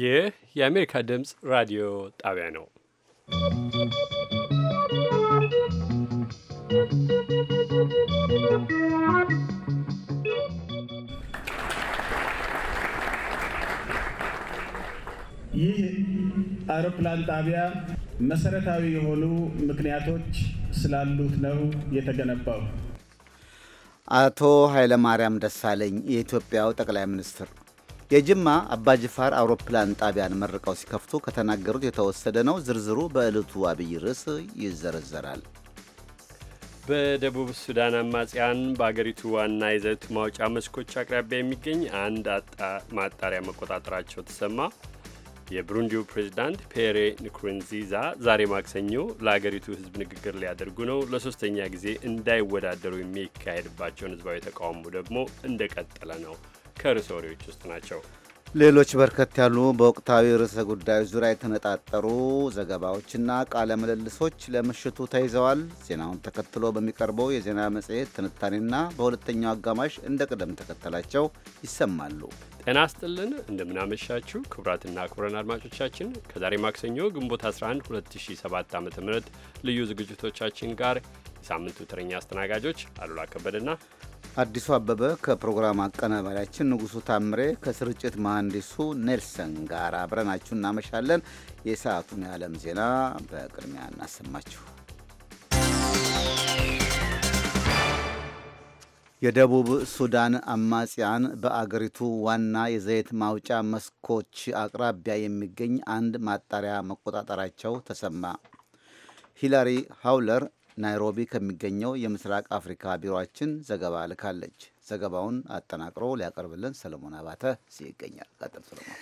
ይህ የአሜሪካ ድምፅ ራዲዮ ጣቢያ ነው። ይህ አውሮፕላን ጣቢያ መሰረታዊ የሆኑ ምክንያቶች ስላሉት ነው የተገነባው። አቶ ኃይለማርያም ደሳለኝ የኢትዮጵያው ጠቅላይ ሚኒስትር የጅማ አባጅፋር አውሮፕላን ጣቢያን መርቀው ሲከፍቱ ከተናገሩት የተወሰደ ነው። ዝርዝሩ በዕለቱ አብይ ርዕስ ይዘረዘራል። በደቡብ ሱዳን አማጽያን በአገሪቱ ዋና ይዘት ማውጫ መስኮች አቅራቢያ የሚገኝ አንድ ማጣሪያ መቆጣጠራቸው ተሰማ። የብሩንዲው ፕሬዚዳንት ፔሬ ንኩሩንዚዛ ዛሬ ማክሰኞ ለአገሪቱ ሕዝብ ንግግር ሊያደርጉ ነው። ለሶስተኛ ጊዜ እንዳይወዳደሩ የሚካሄድባቸውን ህዝባዊ ተቃውሞ ደግሞ እንደቀጠለ ነው። ከርዕሰ ወሬዎች ውስጥ ናቸው። ሌሎች በርከት ያሉ በወቅታዊ ርዕሰ ጉዳዮች ዙሪያ የተነጣጠሩ ዘገባዎችና ቃለ ምልልሶች ለምሽቱ ተይዘዋል። ዜናውን ተከትሎ በሚቀርበው የዜና መጽሔት ትንታኔና በሁለተኛው አጋማሽ እንደ ቅደም ተከተላቸው ይሰማሉ። ጤና ስጥልን፣ እንደምናመሻችሁ ክቡራትና ክቡራን አድማጮቻችን ከዛሬ ማክሰኞ ግንቦት 11 2007 ዓ ም ልዩ ዝግጅቶቻችን ጋር የሳምንቱ ተረኛ አስተናጋጆች አሉላ ከበደና አዲሱ አበበ ከፕሮግራም አቀናባሪያችን ንጉሱ ታምሬ ከስርጭት መሐንዲሱ ኔልሰን ጋር አብረናችሁ እናመሻለን። የሰዓቱን የዓለም ዜና በቅድሚያ እናሰማችሁ። የደቡብ ሱዳን አማጽያን በአገሪቱ ዋና የዘይት ማውጫ መስኮች አቅራቢያ የሚገኝ አንድ ማጣሪያ መቆጣጠራቸው ተሰማ። ሂላሪ ሃውለር ናይሮቢ ከሚገኘው የምስራቅ አፍሪካ ቢሮችን ዘገባ ልካለች። ዘገባውን አጠናቅሮ ሊያቀርብልን ሰለሞን አባተ እዚህ ይገኛል። ቀጥል ሰለሞን።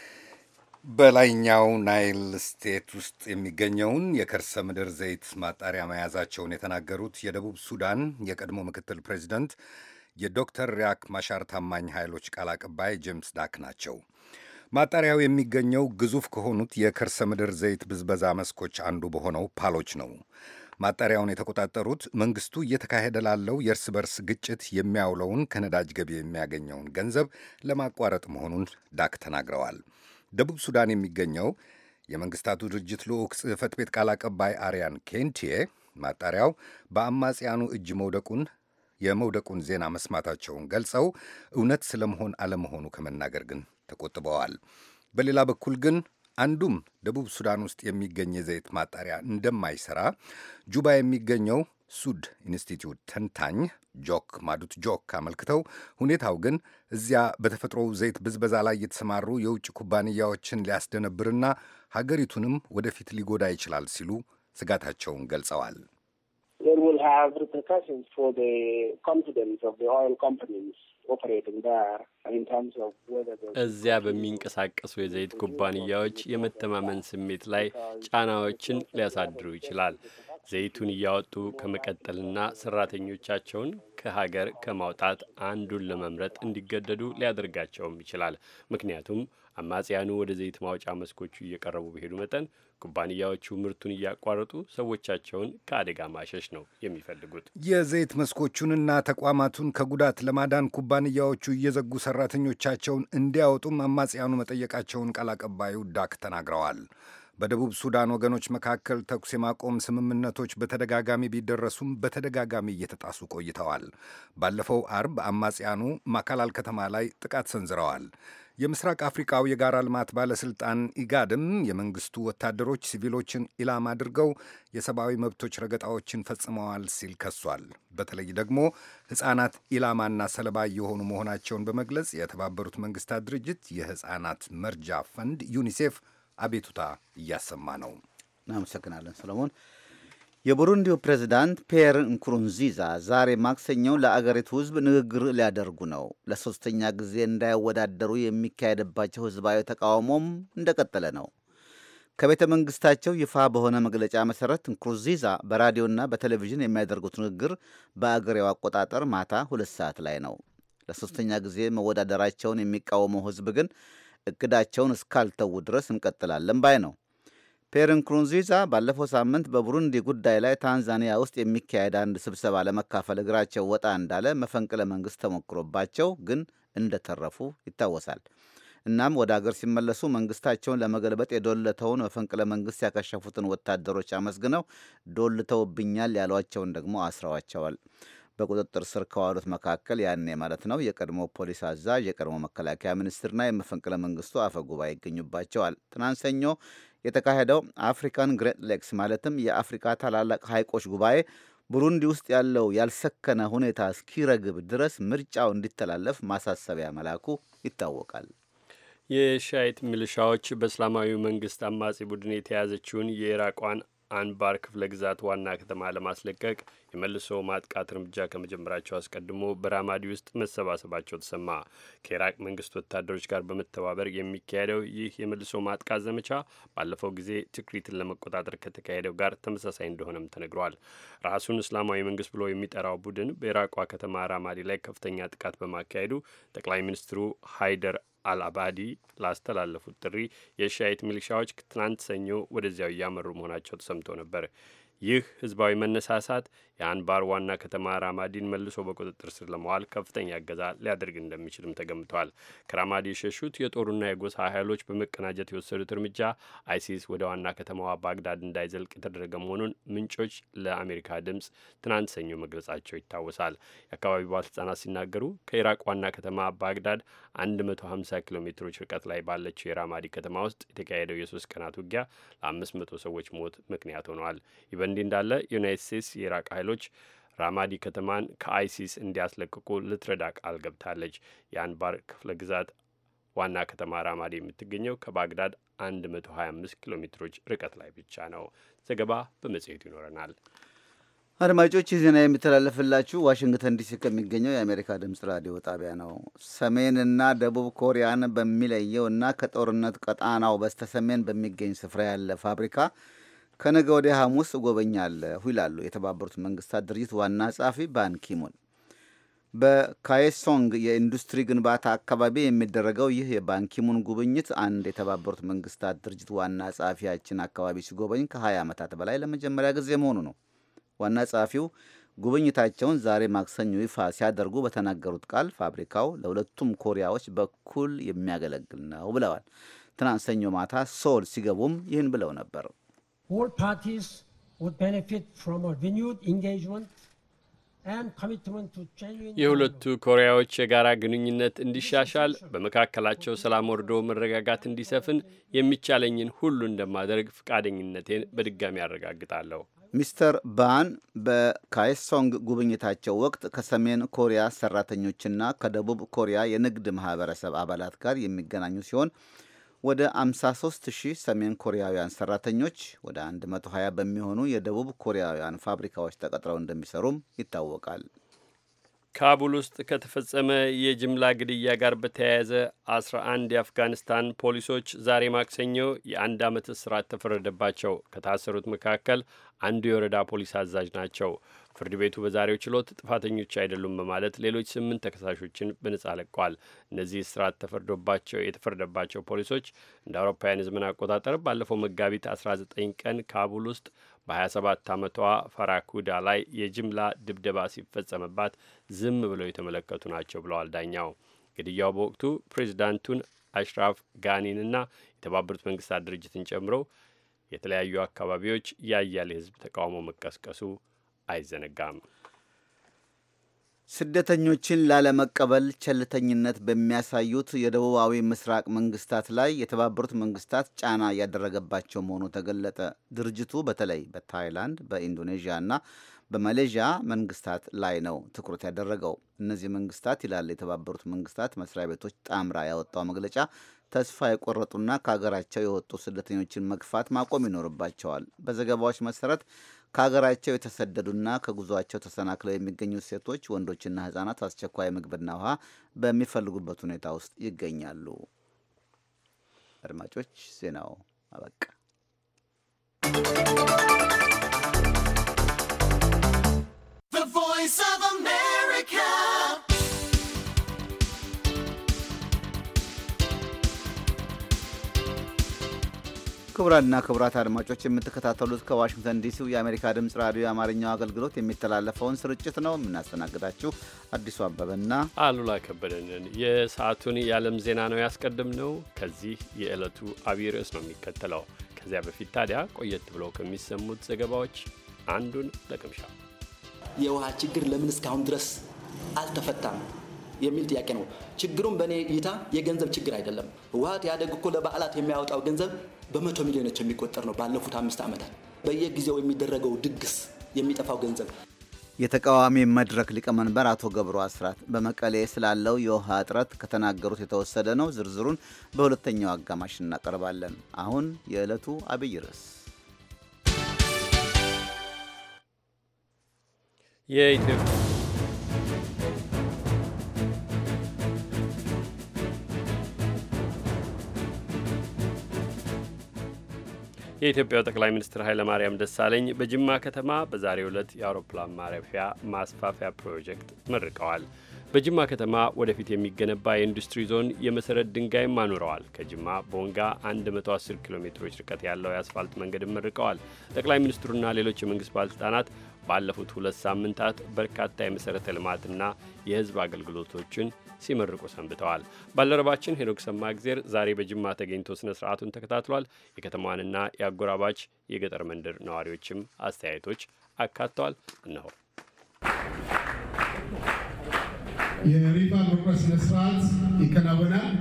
በላይኛው ናይል ስቴት ውስጥ የሚገኘውን የከርሰ ምድር ዘይት ማጣሪያ መያዛቸውን የተናገሩት የደቡብ ሱዳን የቀድሞ ምክትል ፕሬዚደንት የዶክተር ሪያክ ማሻር ታማኝ ኃይሎች ቃል አቀባይ ጄምስ ዳክ ናቸው። ማጣሪያው የሚገኘው ግዙፍ ከሆኑት የከርሰ ምድር ዘይት ብዝበዛ መስኮች አንዱ በሆነው ፓሎች ነው። ማጣሪያውን የተቆጣጠሩት መንግስቱ እየተካሄደ ላለው የእርስ በርስ ግጭት የሚያውለውን ከነዳጅ ገቢ የሚያገኘውን ገንዘብ ለማቋረጥ መሆኑን ዳክ ተናግረዋል። ደቡብ ሱዳን የሚገኘው የመንግስታቱ ድርጅት ልዑክ ጽህፈት ቤት ቃል አቀባይ አሪያን ኬንቲዬ ማጣሪያው በአማጽያኑ እጅ መውደቁን የመውደቁን ዜና መስማታቸውን ገልጸው እውነት ስለመሆን አለመሆኑ ከመናገር ግን ተቆጥበዋል። በሌላ በኩል ግን አንዱም ደቡብ ሱዳን ውስጥ የሚገኝ የዘይት ማጣሪያ እንደማይሰራ ጁባ የሚገኘው ሱድ ኢንስቲትዩት ተንታኝ ጆክ ማዱት ጆክ አመልክተው፣ ሁኔታው ግን እዚያ በተፈጥሮው ዘይት ብዝበዛ ላይ የተሰማሩ የውጭ ኩባንያዎችን ሊያስደነብርና ሀገሪቱንም ወደፊት ሊጎዳ ይችላል ሲሉ ስጋታቸውን ገልጸዋል። will have repercussions for the confidence of the oil companies. እዚያ በሚንቀሳቀሱ የዘይት ኩባንያዎች የመተማመን ስሜት ላይ ጫናዎችን ሊያሳድሩ ይችላል። ዘይቱን እያወጡ ከመቀጠልና ሰራተኞቻቸውን ከሀገር ከማውጣት አንዱን ለመምረጥ እንዲገደዱ ሊያደርጋቸውም ይችላል። ምክንያቱም አማጽያኑ ወደ ዘይት ማውጫ መስኮቹ እየቀረቡ በሄዱ መጠን ኩባንያዎቹ ምርቱን እያቋረጡ ሰዎቻቸውን ከአደጋ ማሸሽ ነው የሚፈልጉት። የዘይት መስኮቹንና ተቋማቱን ከጉዳት ለማዳን ኩባንያዎቹ እየዘጉ ሰራተኞቻቸውን እንዲያወጡም አማጽያኑ መጠየቃቸውን ቃል አቀባዩ ዳክ ተናግረዋል። በደቡብ ሱዳን ወገኖች መካከል ተኩስ የማቆም ስምምነቶች በተደጋጋሚ ቢደረሱም በተደጋጋሚ እየተጣሱ ቆይተዋል። ባለፈው አርብ አማጽያኑ ማካላል ከተማ ላይ ጥቃት ሰንዝረዋል። የምስራቅ አፍሪካው የጋራ ልማት ባለስልጣን ኢጋድም የመንግስቱ ወታደሮች ሲቪሎችን ኢላማ አድርገው የሰብአዊ መብቶች ረገጣዎችን ፈጽመዋል ሲል ከሷል። በተለይ ደግሞ ሕፃናት ኢላማና ሰለባ የሆኑ መሆናቸውን በመግለጽ የተባበሩት መንግስታት ድርጅት የሕፃናት መርጃ ፈንድ ዩኒሴፍ አቤቱታ እያሰማ ነው። እናመሰግናለን ሰለሞን። የቡሩንዲው ፕሬዚዳንት ፒየር ንኩሩንዚዛ ዛሬ ማክሰኞው ለአገሪቱ ሕዝብ ንግግር ሊያደርጉ ነው። ለሶስተኛ ጊዜ እንዳይወዳደሩ የሚካሄድባቸው ሕዝባዊ ተቃውሞም እንደቀጠለ ነው። ከቤተ መንግስታቸው ይፋ በሆነ መግለጫ መሰረት እንኩሩንዚዛ በራዲዮና በቴሌቪዥን የሚያደርጉት ንግግር በአገሬው አቆጣጠር ማታ ሁለት ሰዓት ላይ ነው። ለሶስተኛ ጊዜ መወዳደራቸውን የሚቃወመው ሕዝብ ግን እቅዳቸውን እስካልተዉ ድረስ እንቀጥላለን ባይ ነው። ፔር ንኩሩንዚዛ ባለፈው ሳምንት በቡሩንዲ ጉዳይ ላይ ታንዛኒያ ውስጥ የሚካሄድ አንድ ስብሰባ ለመካፈል እግራቸው ወጣ እንዳለ መፈንቅለ መንግስት ተሞክሮባቸው ግን እንደተረፉ ይታወሳል። እናም ወደ አገር ሲመለሱ መንግስታቸውን ለመገልበጥ የዶለተውን መፈንቅለ መንግስት ያከሸፉትን ወታደሮች አመስግነው ዶልተውብኛል ያሏቸውን ደግሞ አስረዋቸዋል። በቁጥጥር ስር ከዋሉት መካከል ያኔ ማለት ነው የቀድሞ ፖሊስ አዛዥ፣ የቀድሞ መከላከያ ሚኒስትርና የመፈንቅለ መንግስቱ አፈ ጉባኤ ይገኙባቸዋል። ትናንት ሰኞ የተካሄደው አፍሪካን ግሬት ሌክስ ማለትም የአፍሪካ ታላላቅ ሐይቆች ጉባኤ ቡሩንዲ ውስጥ ያለው ያልሰከነ ሁኔታ እስኪረግብ ድረስ ምርጫው እንዲተላለፍ ማሳሰቢያ መላኩ ይታወቃል። የሻይት ሚሊሻዎች በእስላማዊ መንግስት አማጺ ቡድን የተያዘችውን የኢራቋን አንባር ክፍለ ግዛት ዋና ከተማ ለማስለቀቅ የመልሶ ማጥቃት እርምጃ ከመጀመራቸው አስቀድሞ በራማዲ ውስጥ መሰባሰባቸው ተሰማ። ከኢራቅ መንግስት ወታደሮች ጋር በመተባበር የሚካሄደው ይህ የመልሶ ማጥቃት ዘመቻ ባለፈው ጊዜ ትክሪትን ለመቆጣጠር ከተካሄደው ጋር ተመሳሳይ እንደሆነም ተነግሯል። ራሱን እስላማዊ መንግስት ብሎ የሚጠራው ቡድን በኢራቋ ከተማ ራማዲ ላይ ከፍተኛ ጥቃት በማካሄዱ ጠቅላይ ሚኒስትሩ ሃይደር አልአባዲ ላስተላለፉት ጥሪ የሻይት ሚሊሻዎች ትናንት ሰኞ ወደዚያው እያመሩ መሆናቸው ተሰምቶ ነበር። ይህ ህዝባዊ መነሳሳት የአንባር ዋና ከተማ ራማዲን መልሶ በቁጥጥር ስር ለመዋል ከፍተኛ እገዛ ሊያደርግ እንደሚችልም ተገምቷል። ከራማዲ የሸሹት የጦሩና የጎሳ ኃይሎች በመቀናጀት የወሰዱት እርምጃ አይሲስ ወደ ዋና ከተማዋ ባግዳድ እንዳይዘልቅ የተደረገ መሆኑን ምንጮች ለአሜሪካ ድምፅ ትናንት ሰኞ መግለጻቸው ይታወሳል። የአካባቢው ባለስልጣናት ሲናገሩ ከኢራቅ ዋና ከተማ ባግዳድ 150 ኪሎ ሜትሮች ርቀት ላይ ባለችው የራማዲ ከተማ ውስጥ የተካሄደው የሶስት ቀናት ውጊያ ለ500 ሰዎች ሞት ምክንያት ሆነዋል። በእንዲህ እንዳለ ዩናይት ስቴትስ የኢራቅ ኃይሎች ራማዲ ከተማን ከአይሲስ እንዲያስለቅቁ ልትረዳ ቃል ገብታለች። የአንባር ክፍለ ግዛት ዋና ከተማ ራማዲ የምትገኘው ከባግዳድ 125 ኪሎ ሜትሮች ርቀት ላይ ብቻ ነው። ዘገባ በመጽሔቱ ይኖረናል። አድማጮች ይህ ዜና የሚተላለፍላችሁ ዋሽንግተን ዲሲ ከሚገኘው የአሜሪካ ድምፅ ራዲዮ ጣቢያ ነው። ሰሜንና ደቡብ ኮሪያን በሚለየው እና ከጦርነት ቀጣናው በስተሰሜን በሚገኝ ስፍራ ያለ ፋብሪካ ከነገ ወዲያ ሐሙስ እጎበኛለሁ ይላሉ የተባበሩት መንግስታት ድርጅት ዋና ጸሐፊ ባንኪሙን። በካየሶንግ የኢንዱስትሪ ግንባታ አካባቢ የሚደረገው ይህ የባንኪሙን ጉብኝት አንድ የተባበሩት መንግስታት ድርጅት ዋና ጸሐፊያችን አካባቢ ሲጎበኝ ከ20 ዓመታት በላይ ለመጀመሪያ ጊዜ መሆኑ ነው። ዋና ጸሐፊው ጉብኝታቸውን ዛሬ ማክሰኞ ይፋ ሲያደርጉ በተናገሩት ቃል ፋብሪካው ለሁለቱም ኮሪያዎች በኩል የሚያገለግል ነው ብለዋል። ትናንት ሰኞ ማታ ሶል ሲገቡም ይህን ብለው ነበር። all parties የሁለቱ ኮሪያዎች የጋራ ግንኙነት እንዲሻሻል በመካከላቸው ሰላም ወርዶ መረጋጋት እንዲሰፍን የሚቻለኝን ሁሉ እንደማደርግ ፈቃደኝነቴን በድጋሚ አረጋግጣለሁ። ሚስተር ባን በካይሶንግ ጉብኝታቸው ወቅት ከሰሜን ኮሪያ ሰራተኞችና ከደቡብ ኮሪያ የንግድ ማህበረሰብ አባላት ጋር የሚገናኙ ሲሆን ወደ 53000 ሰሜን ኮሪያውያን ሰራተኞች ወደ 120 በሚሆኑ የደቡብ ኮሪያውያን ፋብሪካዎች ተቀጥረው እንደሚሰሩም ይታወቃል። ካቡል ውስጥ ከተፈጸመ የጅምላ ግድያ ጋር በተያያዘ 11 የአፍጋኒስታን ፖሊሶች ዛሬ ማክሰኞ የአንድ ዓመት እስራት ተፈረደባቸው። ከታሰሩት መካከል አንዱ የወረዳ ፖሊስ አዛዥ ናቸው። ፍርድ ቤቱ በዛሬው ችሎት ጥፋተኞች አይደሉም በማለት ሌሎች ስምንት ተከሳሾችን በነጻ ለቋል። እነዚህ እስራት ተፈርዶባቸው የተፈረደባቸው ፖሊሶች እንደ አውሮፓውያን ሕዝብን አቆጣጠር ባለፈው መጋቢት 19 ቀን ካቡል ውስጥ በ27 ዓመቷ ፈራኩዳ ላይ የጅምላ ድብደባ ሲፈጸምባት ዝም ብለው የተመለከቱ ናቸው ብለዋል ዳኛው። ግድያው በወቅቱ ፕሬዚዳንቱን አሽራፍ ጋኒንና የተባበሩት መንግስታት ድርጅትን ጨምሮ የተለያዩ አካባቢዎች ያያሌ ህዝብ ተቃውሞ መቀስቀሱ አይዘነጋም። ስደተኞችን ላለመቀበል ቸልተኝነት በሚያሳዩት የደቡባዊ ምስራቅ መንግስታት ላይ የተባበሩት መንግስታት ጫና እያደረገባቸው መሆኑ ተገለጠ። ድርጅቱ በተለይ በታይላንድ፣ በኢንዶኔዥያ እና በማሌዥያ መንግስታት ላይ ነው ትኩረት ያደረገው። እነዚህ መንግስታት ይላል የተባበሩት መንግስታት መስሪያ ቤቶች ጣምራ ያወጣው መግለጫ ተስፋ የቆረጡና ከሀገራቸው የወጡ ስደተኞችን መግፋት ማቆም ይኖርባቸዋል። በዘገባዎች መሰረት ከሀገራቸው የተሰደዱና ከጉዟቸው ተሰናክለው የሚገኙ ሴቶች፣ ወንዶችና ህጻናት አስቸኳይ ምግብና ውሃ በሚፈልጉበት ሁኔታ ውስጥ ይገኛሉ። አድማጮች፣ ዜናው አበቃ። The voice of America ክቡራንና ክቡራት አድማጮች የምትከታተሉት ከዋሽንግተን ዲሲው የአሜሪካ ድምፅ ራዲዮ የአማርኛው አገልግሎት የሚተላለፈውን ስርጭት ነው። የምናስተናግዳችሁ አዲሱ አበበና አሉላ ከበደንን። የሰዓቱን የዓለም ዜና ነው ያስቀድም ነው። ከዚህ የዕለቱ አብይ ርዕስ ነው የሚከተለው። ከዚያ በፊት ታዲያ ቆየት ብለው ከሚሰሙት ዘገባዎች አንዱን ለቅምሻ የውሃ ችግር ለምን እስካሁን ድረስ አልተፈታም? የሚል ጥያቄ ነው። ችግሩም በእኔ እይታ የገንዘብ ችግር አይደለም። ውሃት ያደግ እኮ ለበዓላት የሚያወጣው ገንዘብ በመቶ ሚሊዮኖች የሚቆጠር ነው። ባለፉት አምስት ዓመታት በየጊዜው የሚደረገው ድግስ የሚጠፋው ገንዘብ የተቃዋሚ መድረክ ሊቀመንበር አቶ ገብሩ አስራት በመቀሌ ስላለው የውሃ እጥረት ከተናገሩት የተወሰደ ነው። ዝርዝሩን በሁለተኛው አጋማሽ እናቀርባለን። አሁን የዕለቱ አብይ ርዕስ የኢትዮጵያ የኢትዮጵያው ጠቅላይ ሚኒስትር ኃይለማርያም ደሳለኝ በጅማ ከተማ በዛሬው ዕለት የአውሮፕላን ማረፊያ ማስፋፊያ ፕሮጀክት መርቀዋል። በጅማ ከተማ ወደፊት የሚገነባ የኢንዱስትሪ ዞን የመሰረት ድንጋይም አኑረዋል። ከጅማ ቦንጋ 110 ኪሎ ሜትሮች ርቀት ያለው የአስፋልት መንገድም መርቀዋል። ጠቅላይ ሚኒስትሩና ሌሎች የመንግስት ባለስልጣናት ባለፉት ሁለት ሳምንታት በርካታ የመሠረተ ልማትና የህዝብ አገልግሎቶችን ሲመርቁ ሰንብተዋል። ባልደረባችን ሄኖክ እግዜር ዛሬ በጅማ ተገኝቶ ስነ ስርዓቱን ተከታትሏል። የከተማዋንና የአጎራባች የገጠር መንደር ነዋሪዎችም አስተያየቶች አካተዋል። እነሆ መቁረጥ ይከናወናል።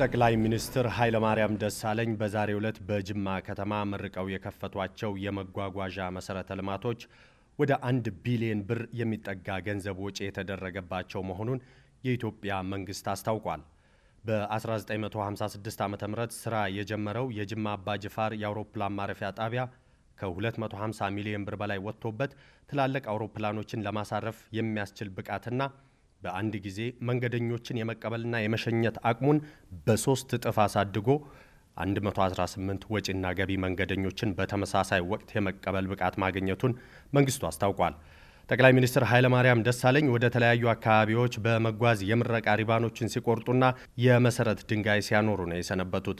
ጠቅላይ ሚኒስትር ኃይለማርያም ደሳለኝ በዛሬው ዕለት በጅማ ከተማ መርቀው የከፈቷቸው የመጓጓዣ መሰረተ ልማቶች ወደ አንድ ቢሊዮን ብር የሚጠጋ ገንዘብ ወጪ የተደረገባቸው መሆኑን የኢትዮጵያ መንግስት አስታውቋል። በ1956 ዓ ም ስራ የጀመረው የጅማ አባጅፋር የአውሮፕላን ማረፊያ ጣቢያ ከ250 ሚሊዮን ብር በላይ ወጥቶበት ትላልቅ አውሮፕላኖችን ለማሳረፍ የሚያስችል ብቃትና በአንድ ጊዜ መንገደኞችን የመቀበልና የመሸኘት አቅሙን በሶስት እጥፍ አሳድጎ 118 ወጪና ገቢ መንገደኞችን በተመሳሳይ ወቅት የመቀበል ብቃት ማግኘቱን መንግስቱ አስታውቋል። ጠቅላይ ሚኒስትር ኃይለማርያም ደሳለኝ ወደ ተለያዩ አካባቢዎች በመጓዝ የምረቃ ሪባኖችን ሲቆርጡና የመሰረት ድንጋይ ሲያኖሩ ነው የሰነበቱት።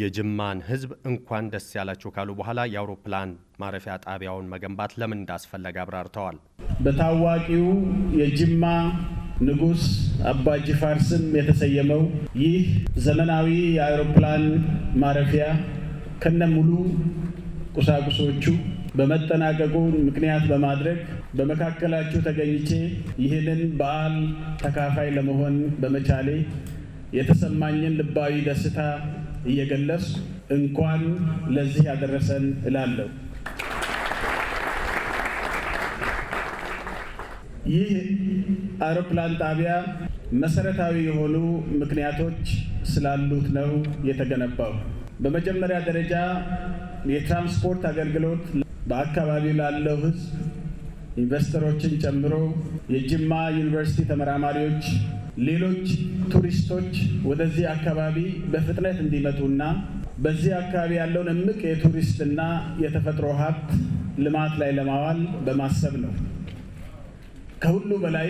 የጅማን ሕዝብ እንኳን ደስ ያላችሁ ካሉ በኋላ የአውሮፕላን ማረፊያ ጣቢያውን መገንባት ለምን እንዳስፈለገ አብራርተዋል። በታዋቂው የጅማ ንጉሥ አባ ጅፋር ስም የተሰየመው ይህ ዘመናዊ የአውሮፕላን ማረፊያ ከነ ሙሉ ቁሳቁሶቹ በመጠናቀቁ ምክንያት በማድረግ በመካከላችሁ ተገኝቼ ይህንን በዓል ተካፋይ ለመሆን በመቻሌ የተሰማኝን ልባዊ ደስታ እየገለጽኩ እንኳን ለዚህ ያደረሰን እላለሁ። ይህ አውሮፕላን ጣቢያ መሰረታዊ የሆኑ ምክንያቶች ስላሉት ነው የተገነባው። በመጀመሪያ ደረጃ የትራንስፖርት አገልግሎት በአካባቢው ላለው ሕዝብ ኢንቨስተሮችን ጨምሮ የጅማ ዩኒቨርሲቲ ተመራማሪዎች፣ ሌሎች ቱሪስቶች ወደዚህ አካባቢ በፍጥነት እንዲመጡና በዚህ አካባቢ ያለውን እምቅ የቱሪስትና የተፈጥሮ ሀብት ልማት ላይ ለማዋል በማሰብ ነው። ከሁሉ በላይ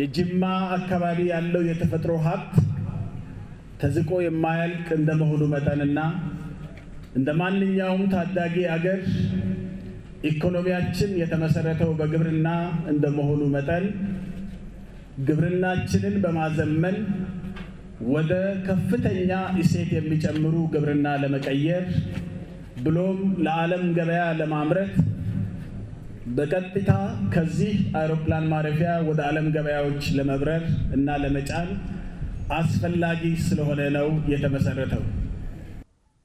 የጅማ አካባቢ ያለው የተፈጥሮ ሀብት ተዝቆ የማያልቅ እንደመሆኑ መጠንና እንደ ማንኛውም ታዳጊ አገር ኢኮኖሚያችን የተመሰረተው በግብርና እንደመሆኑ መጠን ግብርናችንን በማዘመን ወደ ከፍተኛ እሴት የሚጨምሩ ግብርና ለመቀየር ብሎም ለዓለም ገበያ ለማምረት በቀጥታ ከዚህ አውሮፕላን ማረፊያ ወደ ዓለም ገበያዎች ለመብረር እና ለመጫን አስፈላጊ ስለሆነ ነው የተመሰረተው።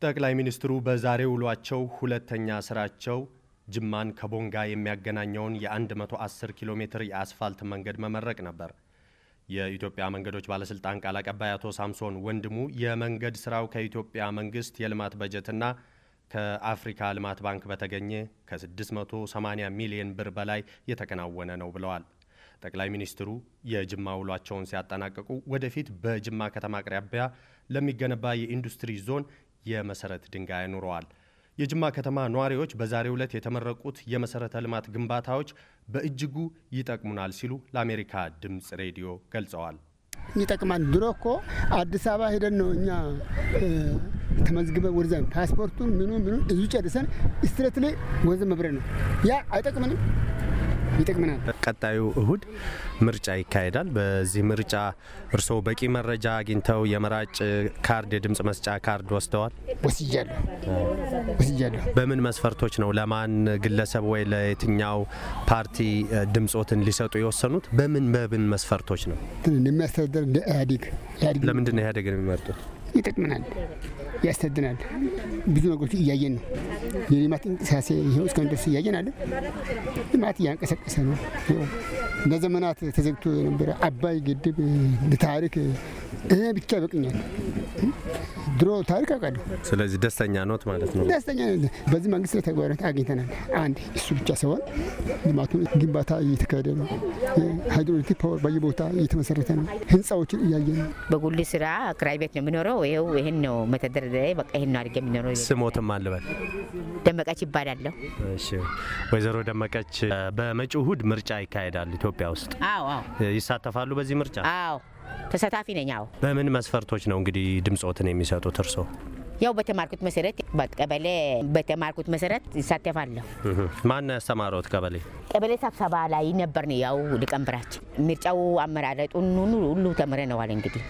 ጠቅላይ ሚኒስትሩ በዛሬ ውሏቸው ሁለተኛ ስራቸው ጅማን ከቦንጋ የሚያገናኘውን የ110 ኪሎ ሜትር የአስፋልት መንገድ መመረቅ ነበር። የኢትዮጵያ መንገዶች ባለስልጣን ቃል አቀባይ አቶ ሳምሶን ወንድሙ የመንገድ ስራው ከኢትዮጵያ መንግስት የልማት በጀትና ከአፍሪካ ልማት ባንክ በተገኘ ከ680 ሚሊዮን ብር በላይ የተከናወነ ነው ብለዋል። ጠቅላይ ሚኒስትሩ የጅማ ውሏቸውን ሲያጠናቀቁ ወደፊት በጅማ ከተማ አቅራቢያ ለሚገነባ የኢንዱስትሪ ዞን የመሰረት ድንጋይ ኑረዋል። የጅማ ከተማ ነዋሪዎች በዛሬው ዕለት የተመረቁት የመሠረተ ልማት ግንባታዎች በእጅጉ ይጠቅሙናል ሲሉ ለአሜሪካ ድምፅ ሬዲዮ ገልጸዋል። ይጠቅማል። ድሮ እኮ አዲስ አበባ ሄደን ነው እኛ ተመዝግበ ወደዛ ፓስፖርቱን ምኑ ምኑ እዙ ጨርሰን ስትሬት ላይ ወዘ መብረ ነው ያ አይጠቅምንም ይጠቅመናል። ቀጣዩ እሁድ ምርጫ ይካሄዳል። በዚህ ምርጫ እርስዎ በቂ መረጃ አግኝተው የመራጭ ካርድ የድምጽ መስጫ ካርድ ወስደዋል? ወስጃለሁ ወስጃለሁ። በምን መስፈርቶች ነው ለማን ግለሰብ ወይ ለየትኛው ፓርቲ ድምጾትን ሊሰጡ የወሰኑት? በምን በምን መስፈርቶች ነው የሚያስተዳደር? ኢህአዴግ። ለምንድን ነው ኢህአዴግን የሚመርጡት? ይጠቅመናል፣ ያስተድናል። ብዙ ነገሮች እያየን ነው። የልማት እንቅስቃሴ ይኸው እስካሁን ድረስ እያየን አለ። ልማት እያንቀሳቀሰ ነው። ለዘመናት ተዘግቶ የነበረ አባይ ግድብ ለታሪክ ይሄ ብቻ ይበቅኛል። ድሮ ታሪክ አውቃለሁ። ስለዚህ ደስተኛ ኖት ማለት ነው? ደስተኛ ነው። በዚህ መንግስት ተግባራት አግኝተናል። አንድ እሱ ብቻ ሳይሆን ልማቱ ግንባታ እየተካሄደ ነው። ሃይድሮሊክ ፓወር በየቦታ እየተመሰረተ ነው። ህንፃዎችን እያየ ነው። በጉሊ ስራ ክራይ ቤት ነው የሚኖረው። ይኸው ይህን ነው መተደረደ በቃ ይህን ነው አድርገ የሚኖረው። ስሞትም አልበል ደመቀች ይባላለሁ። ወይዘሮ ደመቀች በመጪው እሁድ ምርጫ ይካሄዳል ኢትዮጵያ ውስጥ። አዎ አዎ። ይሳተፋሉ በዚህ ምርጫ? አዎ ተሳታፊ ነኝ። አዎ። በምን መስፈርቶች ነው እንግዲህ ድምጾትን የሚሰጡት እርስዎ? ያው በተማርኩት መሰረት በቀበሌ በተማርኩት መሰረት ይሳተፋለሁ። ማን ያስተማሩት? ቀበሌ ቀበሌ ስብሰባ ላይ ነበርን። ያው ሊቀመንበራችን ምርጫው አመራረጡን ሁሉ ተምረነዋል። እንግዲህ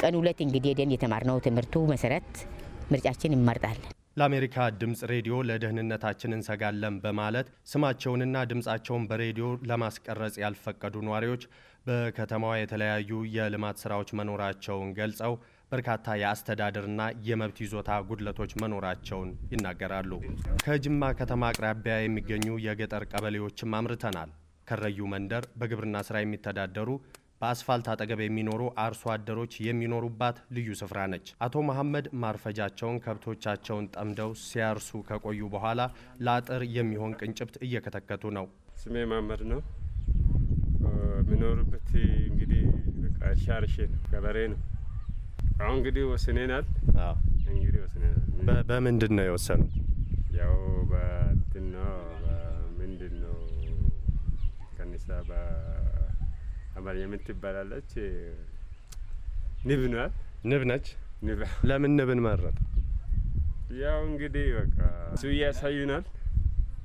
ቀን ሁለት እንግዲህ ደን የተማርነው ትምህርቱ መሰረት ምርጫችን ይመርጣል። ለአሜሪካ ድምፅ ሬዲዮ ለደህንነታችን እንሰጋለን በማለት ስማቸውንና ድምፃቸውን በሬዲዮ ለማስቀረጽ ያልፈቀዱ ነዋሪዎች በከተማዋ የተለያዩ የልማት ስራዎች መኖራቸውን ገልጸው በርካታ የአስተዳደርና የመብት ይዞታ ጉድለቶች መኖራቸውን ይናገራሉ። ከጅማ ከተማ አቅራቢያ የሚገኙ የገጠር ቀበሌዎችም አምርተናል። ከረዩ መንደር በግብርና ስራ የሚተዳደሩ በአስፋልት አጠገብ የሚኖሩ አርሶ አደሮች የሚኖሩባት ልዩ ስፍራ ነች። አቶ መሐመድ ማርፈጃቸውን ከብቶቻቸውን ጠምደው ሲያርሱ ከቆዩ በኋላ ለአጥር የሚሆን ቅንጭብት እየከተከቱ ነው። ስሜ መሐመድ ነው። የምኖርበት እንግዲህ እርሻ እርሼ ነው፣ ገበሬ ነው። አሁን እንግዲህ ወስኔናል። እንግዲህ ወስኔናል። በምንድን ነው የወሰኑት? ያው በእንትን ነው ምንድን ነው ከኒሳ በአማር የምትባላለች ንብ ነዋል። ንብ ነች። ለምን ንብን መረጥ? ያው እንግዲህ በቃ እሱ እያሳዩናል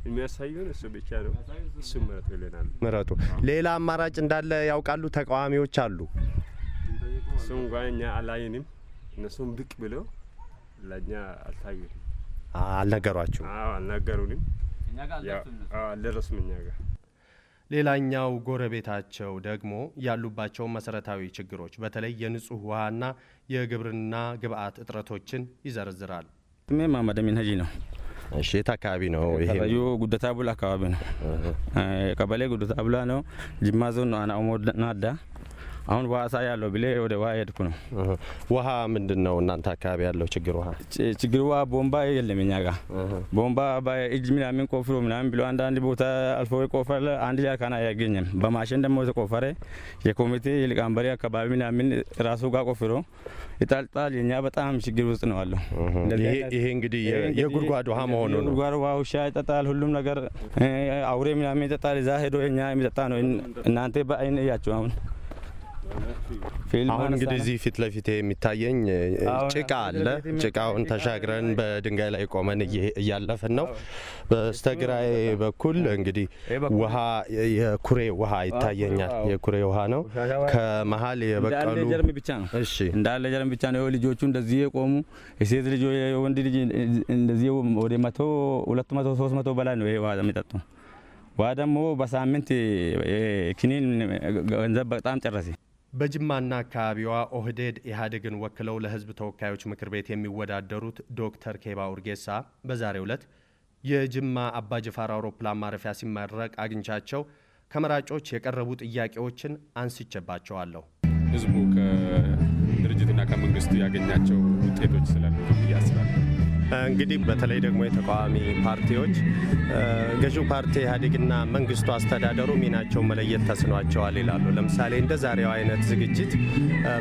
የሚያሳየውን እሱ ብቻ ነው። እሱ ምረጡ ይለናል። ምረጡ። ሌላ አማራጭ እንዳለ ያውቃሉ። ተቃዋሚዎች አሉ። እሱም እንኳን እኛ አላየንም። እነሱም ብቅ ብለው ለእኛ አልታዩንም፣ አልነገሯችሁም፣ አልነገሩንም፣ አልደረሱም እኛ ጋር ሌላኛው ጎረቤታቸው ደግሞ ያሉባቸው መሰረታዊ ችግሮች በተለይ የንጹህ ውሃና የግብርና ግብአት እጥረቶችን ይዘረዝራል። ስሜ ማመደሚን ሀጂ ነው። እሺ፣ የት አካባቢ ነው ይሄ? ራዩ ጉደታ ቡላ አካባቢ ነው። ቀበሌ ጉደታ ቡላ ነው። ጅማ ዞን ነው። ናዳ አሁን ዋሳ ያለው ብሌ ወደ ውሃ ሄድኩ ነው። ውሃ ምንድን ነው እናንተ አካባቢ ያለው ችግር? ውሃ ችግር ውሃ ቦምባ የለም እኛ ጋ ቦምባ በእጅ ምናምን ቆፍሮ ምናምን ብሎ አንዳንድ ቦታ አልፎ ቆፈረ አንድ ጃርካን አያገኘም። በማሽን ደግሞ የተቆፈረ የኮሚቴ የሊቃንበሪ አካባቢ ምናምን ራሱ ጋር ቆፍሮ ይጣልጣል። የኛ በጣም ችግር ውስጥ ነው አለው። ይሄ እንግዲህ የጉድጓድ ውሃ መሆኑ ነው። ጉድጓድ ውሃ ውሻ ይጠጣል፣ ሁሉም ነገር አውሬ ምናምን ይጠጣል። እዛ ሄዶ እኛ የሚጠጣ ነው። እናንተ በአይን እያቸው አሁን አሁን እንግዲህ እዚህ ፊት ለፊት የሚታየኝ ጭቃ አለ። ጭቃውን ተሻግረን በድንጋይ ላይ ቆመን እያለፍን ነው። በስተግራይ በኩል እንግዲህ ውሃ የኩሬ ውሃ ይታየኛል። የኩሬ ውሃ ነው። ከመሀል የበቀሉ ጀርም ብቻ ነው። እሺ፣ እንዳለ ጀርም ብቻ ነው። ልጆቹ እንደዚህ የቆሙ የሴት ልጅ የወንድ ልጅ እንደዚህ ወደ መቶ ሁለት መቶ ሶስት መቶ በላይ ነው ይሄ ውሃ የሚጠጡ ውሃ ደግሞ በሳምንት ክኒን ገንዘብ በጣም ጨረሴ በጅማና አካባቢዋ ኦህዴድ ኢህአዴግን ወክለው ለህዝብ ተወካዮች ምክር ቤት የሚወዳደሩት ዶክተር ኬባ ኡርጌሳ በዛሬው ዕለት የጅማ አባጅፋር አውሮፕላን ማረፊያ ሲመረቅ አግኝቻቸው ከመራጮች የቀረቡ ጥያቄዎችን አንስቼባቸዋለሁ። ህዝቡ ከድርጅትና ከመንግስቱ ያገኛቸው ውጤቶች ስላሉ ብዬ አስባለሁ። እንግዲህ በተለይ ደግሞ የተቃዋሚ ፓርቲዎች ገዢው ፓርቲ ኢህአዴግና መንግስቱ አስተዳደሩ ሚናቸው መለየት ተስኗቸዋል ይላሉ። ለምሳሌ እንደ ዛሬው አይነት ዝግጅት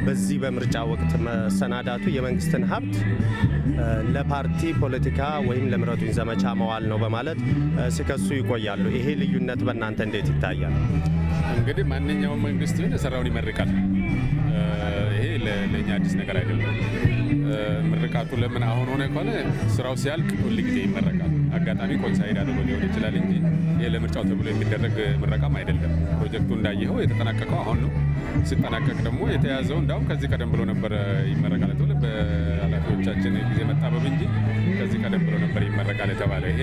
በዚህ በምርጫ ወቅት መሰናዳቱ የመንግስትን ሀብት ለፓርቲ ፖለቲካ ወይም ለምረጡኝ ዘመቻ መዋል ነው በማለት ሲከሱ ይቆያሉ። ይሄ ልዩነት በእናንተ እንዴት ይታያል? እንግዲህ ማንኛውም መንግስት የሰራውን ይመርቃል። ይሄ ለእኛ አዲስ ነገር አይደለም። ምርቃቱ ለምን አሁን ሆነ ከሆነ ስራው ሲያልቅ ሁል ጊዜ ይመረቃል። አጋጣሚ ኮንሳይድ አድርጎ ሊሆን ይችላል እንጂ ይህ ለምርጫው ተብሎ የሚደረግ ምረቃም አይደለም። ፕሮጀክቱ እንዳየኸው የተጠናቀቀው አሁን ነው። ሲጠናቀቅ ደግሞ የተያዘው እንዳውም ከዚህ ቀደም ብሎ ነበረ ይመረቃል ተብሎ የአባቶቻችን ጊዜ መጣበብ እንጂ ከዚህ ቀደም ብሎ ነበር ይመረቃል የተባለ። ይሄ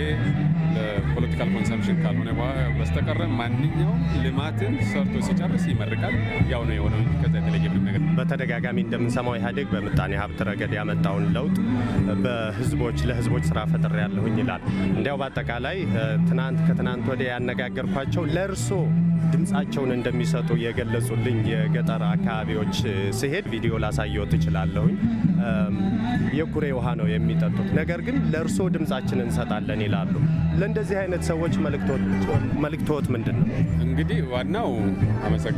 ለፖለቲካል ኮንሰምፕሽን ካልሆነ በስተቀረ ማንኛውም ልማትን ሰርቶ ሲጨርስ ይመርቃል። ያው ነው የሆነው እንጂ ከዛ የተለየ ምንም ነገር። በተደጋጋሚ እንደምንሰማው ኢህአዴግ በምጣኔ ሀብት ረገድ ያመጣውን ለውጥ በህዝቦች ለህዝቦች ስራ ፈጥሬ ያለሁኝ ይላል። እንዲያው በአጠቃላይ ትናንት ከትናንት ወዲያ ያነጋገርኳቸው ለእርሶ ድምፃቸውን እንደሚሰጡ የገለጹልኝ የገጠር አካባቢዎች ስሄድ ቪዲዮ ላሳየው ትችላለሁኝ። የኩሬ ውሃ ነው የሚጠጡት። ነገር ግን ለእርስ ድምጻችን እንሰጣለን ይላሉ። ለእንደዚህ አይነት ሰዎች መልእክቶት ምንድን ነው? እንግዲህ ዋናው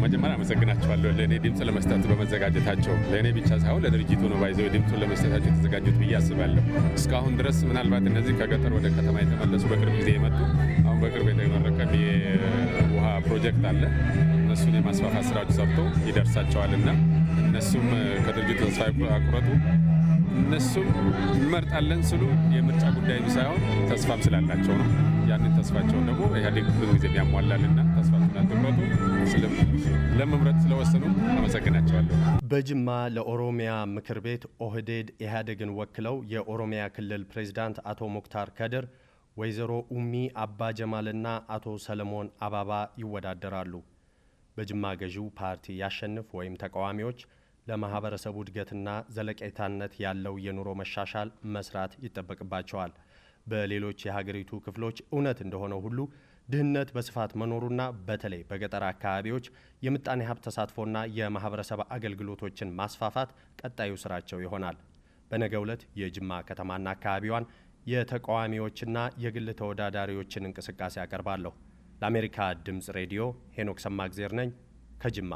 መጀመሪያ አመሰግናቸዋለሁ ለእኔ ድምፅ ለመስጠት በመዘጋጀታቸው። ለእኔ ብቻ ሳይሆን ለድርጅቱ ነው ባይዘው ድምፁን ለመስጠታቸው የተዘጋጁት ብዬ አስባለሁ። እስካሁን ድረስ ምናልባት እነዚህ ከገጠር ወደ ከተማ የተመለሱ በቅርብ ጊዜ የመጡ አሁን በቅርብ የተመረቀ የውሃ ፕሮጀክት አለ እነሱን የማስፋፋት ስራዎች ሰርቶ እና እነሱም ከድርጅቱ ተስፋ አቁረጡ እነሱም እንመርጣለን ስሉ የምርጫ ጉዳይ ሳይሆን ተስፋም ስላላቸው ነው። ያንን ተስፋቸውን ደግሞ ኢህአዴግ ብዙ ጊዜ ያሟላልና ተስፋ ስላደረጉ ለመምረጥ ስለወሰኑ አመሰግናቸዋለሁ። በጅማ ለኦሮሚያ ምክር ቤት ኦህዴድ ኢህአዴግን ወክለው የኦሮሚያ ክልል ፕሬዚዳንት አቶ ሙክታር ከድር ወይዘሮ ኡሚ አባ ጀማልና አቶ ሰለሞን አባባ ይወዳደራሉ። በጅማ ገዢው ፓርቲ ያሸንፍ ወይም ተቃዋሚዎች ለማህበረሰቡ እድገትና ዘለቄታነት ያለው የኑሮ መሻሻል መስራት ይጠበቅባቸዋል። በሌሎች የሀገሪቱ ክፍሎች እውነት እንደሆነ ሁሉ ድህነት በስፋት መኖሩና በተለይ በገጠር አካባቢዎች የምጣኔ ሀብት ተሳትፎና የማህበረሰብ አገልግሎቶችን ማስፋፋት ቀጣዩ ስራቸው ይሆናል። በነገ ዕለት የጅማ ከተማና አካባቢዋን የተቃዋሚዎችና የግል ተወዳዳሪዎችን እንቅስቃሴ አቀርባለሁ። ለአሜሪካ ድምፅ ሬዲዮ ሄኖክ ሰማግዜር ነኝ ከጅማ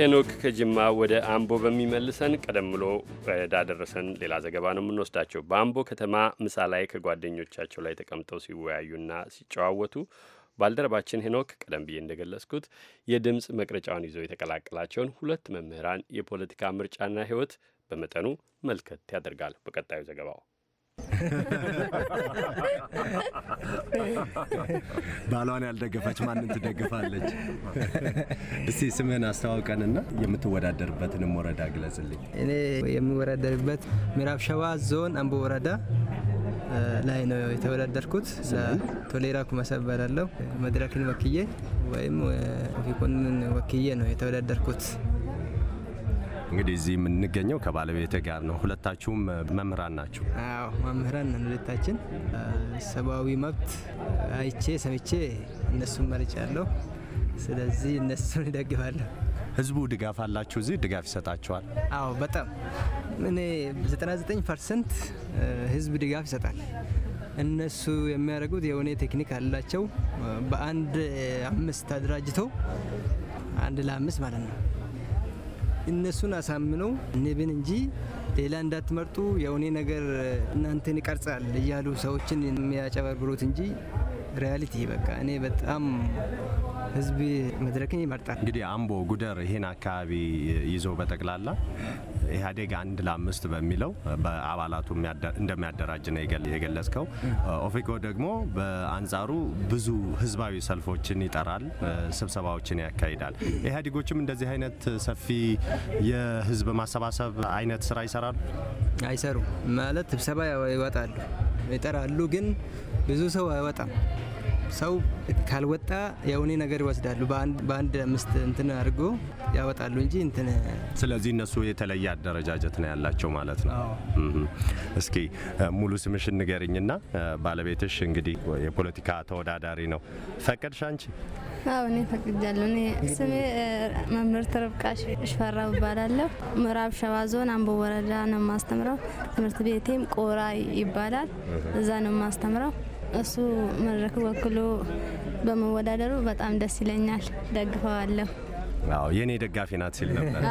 ሄኖክ ከጅማ ወደ አምቦ በሚመልሰን ቀደም ብሎ ዳደረሰን ሌላ ዘገባ ነው የምንወስዳቸው። በአምቦ ከተማ ምሳ ላይ ከጓደኞቻቸው ላይ ተቀምጠው ሲወያዩና ሲጨዋወቱ ባልደረባችን ሄኖክ ቀደም ብዬ እንደገለጽኩት የድምፅ መቅረጫውን ይዘው የተቀላቀላቸውን ሁለት መምህራን የፖለቲካ ምርጫና ሕይወት በመጠኑ መልከት ያደርጋል በቀጣዩ ዘገባው። ባሏን ያልደገፈች ማንን ትደግፋለች? እስቲ ስምህን አስተዋውቀንና የምትወዳደርበትንም ወረዳ ግለጽልኝ። እኔ የምወዳደርበት ምዕራብ ሸዋ ዞን አምቦ ወረዳ ላይ ነው የተወዳደርኩት። ቶሌራ ኩመሳ እባላለሁ። መድረክን ወክዬ ወይም ኦፌኮንን ወክዬ ነው የተወዳደርኩት። እንግዲህ እዚህ የምንገኘው ከባለቤት ጋር ነው። ሁለታችሁም መምህራን ናችሁ? አዎ መምህራን ነን ሁለታችን። ሰብአዊ መብት አይቼ ሰምቼ እነሱን መርጫ ያለው ስለዚህ እነሱን እደግፋለሁ። ህዝቡ ድጋፍ አላችሁ? እዚህ ድጋፍ ይሰጣችኋል? አዎ በጣም እኔ 99 ፐርሰንት ህዝብ ድጋፍ ይሰጣል። እነሱ የሚያደርጉት የሆነ ቴክኒክ አላቸው። በአንድ አምስት አደራጅተው አንድ ለአምስት ማለት ነው እነሱን አሳምነው ንብን እንጂ ሌላ እንዳትመርጡ የውኔ ነገር እናንተን ይቀርጻል እያሉ ሰዎችን የሚያጨበርብሩት እንጂ ሪያሊቲ በቃ እኔ በጣም ህዝብ መድረክን ይመርጣል። እንግዲህ አምቦ፣ ጉደር ይህን አካባቢ ይዞ በጠቅላላ ኢህአዴግ አንድ ለአምስት በሚለው በአባላቱ እንደሚያደራጅ ነው የገለጽከው። ኦፌኮ ደግሞ በአንጻሩ ብዙ ህዝባዊ ሰልፎችን ይጠራል፣ ስብሰባዎችን ያካሂዳል። ኢህአዴጎችም እንደዚህ አይነት ሰፊ የህዝብ ማሰባሰብ አይነት ስራ ይሰራሉ አይሰሩም? ማለት ስብሰባ ይወጣሉ፣ ይጠራሉ ግን ብዙ ሰው አይወጣም። ሰው ካልወጣ የውኔ ነገር ይወስዳሉ። በአንድ አምስት እንትን አድርጎ ያወጣሉ እንጂ እንትን። ስለዚህ እነሱ የተለየ አደረጃጀት ነው ያላቸው ማለት ነው። እስኪ ሙሉ ስምሽን ንገሪኝና ባለቤትሽ እንግዲህ የፖለቲካ ተወዳዳሪ ነው። ፈቀድሽ አንቺ? አዎ እኔ ፈቅጃለሁ። እኔ ስሜ መምህርት ርብቃ ሽፈራው እባላለሁ። ምዕራብ ሸዋ ዞን አምቦ ወረዳ ነው የማስተምረው። ትምህርት ቤቴም ቆራ ይባላል። እዛ ነው የማስተምረው። እሱ መድረክ ወክሎ በመወዳደሩ በጣም ደስ ይለኛል። ደግፈዋለሁ። አዎ የእኔ ደጋፊ ናት ሲል ነበር።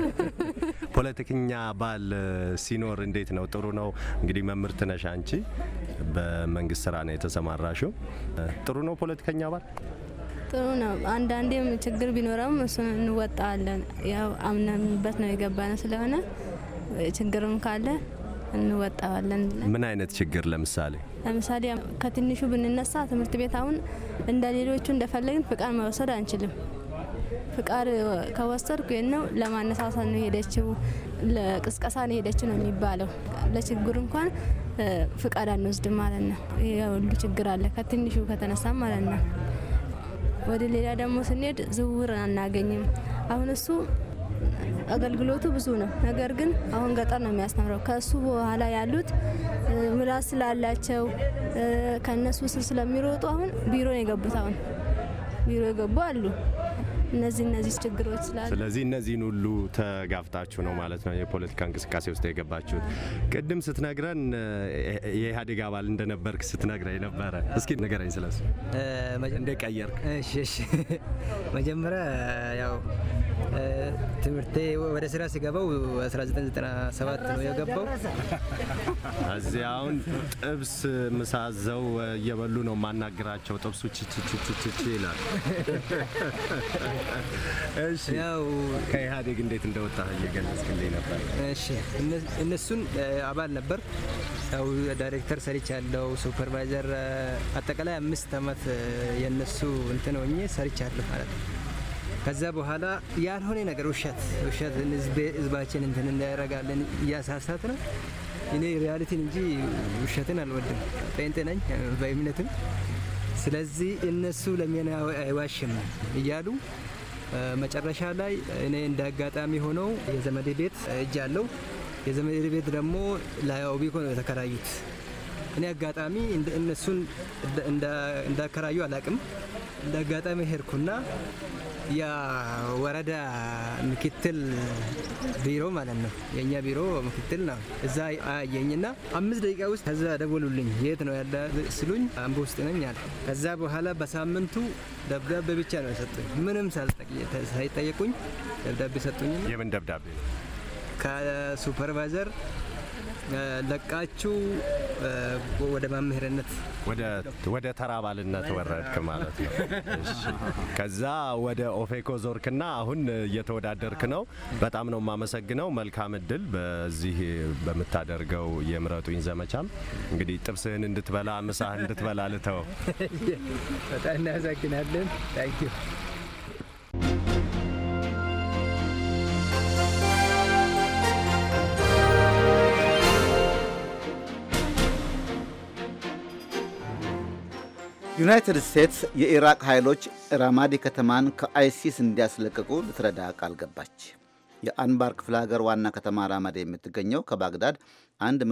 ፖለቲከኛ ባል ሲኖር እንዴት ነው? ጥሩ ነው። እንግዲህ መምህርት ነሽ አንቺ፣ በመንግስት ስራ ነው የተሰማራሽው። ጥሩ ነው ፖለቲከኛ ባል ጥሩ ነው። አንዳንዴም ችግር ቢኖረውም እሱን እንወጣዋለን። ያው አምነንበት ነው የገባነው ስለሆነ ችግርም ካለ እንወጣዋለን። ምን አይነት ችግር ለምሳሌ? ለምሳሌ ከትንሹ ብንነሳ ትምህርት ቤት አሁን እንደ ሌሎቹ እንደፈለግን ፍቃድ መወሰድ አንችልም። ፍቃድ ከወሰድኩ ነው ለማነሳሳት ነው የሄደችው፣ ለቅስቀሳ ነው የሄደችው ነው የሚባለው። ለችግሩ እንኳን ፍቃድ አንወስድ ማለት ነው። ይሄ ችግር አለ ከትንሹ ከተነሳ ማለት ነው። ወደ ሌላ ደግሞ ስንሄድ ዝውውር አናገኝም። አሁን እሱ አገልግሎቱ ብዙ ነው። ነገር ግን አሁን ገጠር ነው የሚያስተምረው። ከሱ በኋላ ያሉት ምላስ ስላላቸው ከነሱ ስር ስለሚሮጡ አሁን ቢሮ ነው የገቡት። አሁን ቢሮ የገቡ አሉ። እነዚህ እነዚህ ችግሮች ስላሉ ስለዚህ እነዚህን ሁሉ ተጋፍጣችሁ ነው ማለት ነው የፖለቲካ እንቅስቃሴ ውስጥ የገባችሁት። ቅድም ስትነግረን የኢህአዴግ አባል እንደነበርክ ስትነግረኝ ነበረ። እስኪ ንገረኝ ስለሱ እንደቀየርክ። መጀመሪያ ያው ትምህርቴ ወደ ስራ ሲገባው 1997 ነው የገባው። እዚህ አሁን ጥብስ ምሳዘው እየበሉ ነው ማናግራቸው። ጥብሱ ችችችችች ይላል። እሺ፣ ያው ከኢህአዴግ እንዴት እንደወጣ እየገለጽክልኝ ነበር። እሺ፣ እነሱን አባል ነበር። ያው ዳይሬክተር ሰሪች ያለው ሱፐርቫይዘር፣ አጠቃላይ አምስት አመት የነሱ እንትን ሆኜ ሰርቻለሁ ማለት ነው። ከዛ በኋላ ያልሆነ ነገር ውሸት ውሸት ህዝባችን እንትን እንዳያረጋለን እያሳሳት ነው። እኔ ሪያሊቲን እንጂ ውሸትን አልወድም። ጴንጤ ነኝ በእምነትም ስለዚህ እነሱ ለምን አይዋሽም እያሉ መጨረሻ ላይ እኔ እንደ አጋጣሚ ሆነው የዘመዴ ቤት እጅ አለው። የዘመዴ ቤት ደግሞ ለኦቢኮ ነው የተከራዩት። እኔ አጋጣሚ እነሱን እንዳከራዩ አላቅም። እንደ አጋጣሚ ሄድኩና የወረዳ ምክትል ቢሮ ማለት ነው። የእኛ ቢሮ ምክትል ነው። እዛ አየኝና አምስት ደቂቃ ውስጥ ከዛ ደወሉልኝ። የት ነው ያለ ስሉኝ አምቦ ውስጥ ነኝ አለ። ከዛ በኋላ በሳምንቱ ደብዳቤ ብቻ ነው የሰጡኝ። ምንም ሳይጠየቁኝ ደብዳቤ ሰጡኝ። የምን ደብዳቤ? ከሱፐርቫይዘር ለቃችሁ ወደ መምህርነት ወደ ተራባልነት ወረድክ ማለት ነው። ከዛ ወደ ኦፌኮ ዞርክና አሁን እየተወዳደርክ ነው። በጣም ነው የማመሰግነው። መልካም እድል በዚህ በምታደርገው የምረጡኝ ዘመቻም። እንግዲህ ጥብስህን እንድትበላ ምሳህ እንድትበላ ልተው። በጣም እናመሰግናለን። ታንኪዩ ዩናይትድ ስቴትስ የኢራቅ ኃይሎች ራማዲ ከተማን ከአይሲስ እንዲያስለቅቁ ልትረዳ ቃል ገባች። የአንባር ክፍለ ሀገር ዋና ከተማ ራማዲ የምትገኘው ከባግዳድ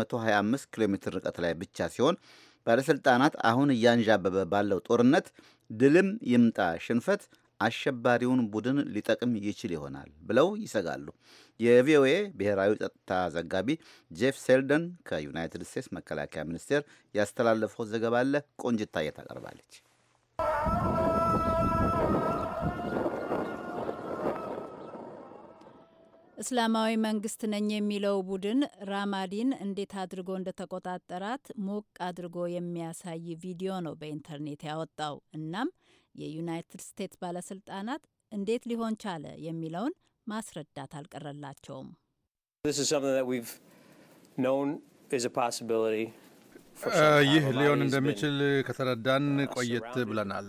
125 ኪሎ ሜትር ርቀት ላይ ብቻ ሲሆን ባለሥልጣናት አሁን እያንዣበበ ባለው ጦርነት ድልም ይምጣ ሽንፈት አሸባሪውን ቡድን ሊጠቅም ይችል ይሆናል ብለው ይሰጋሉ። የቪኦኤ ብሔራዊ ጸጥታ ዘጋቢ ጄፍ ሴልደን ከዩናይትድ ስቴትስ መከላከያ ሚኒስቴር ያስተላለፈው ዘገባ አለ። ቆንጅታየ ታቀርባለች። እስላማዊ መንግስት ነኝ የሚለው ቡድን ራማዲን እንዴት አድርጎ እንደተቆጣጠራት ሞቅ አድርጎ የሚያሳይ ቪዲዮ ነው በኢንተርኔት ያወጣው። እናም የዩናይትድ ስቴትስ ባለስልጣናት እንዴት ሊሆን ቻለ የሚለውን ማስረዳት አልቀረላቸውም። uh, ይህ ሊሆን እንደሚችል ከተረዳን uh, ቆየት ብለናል።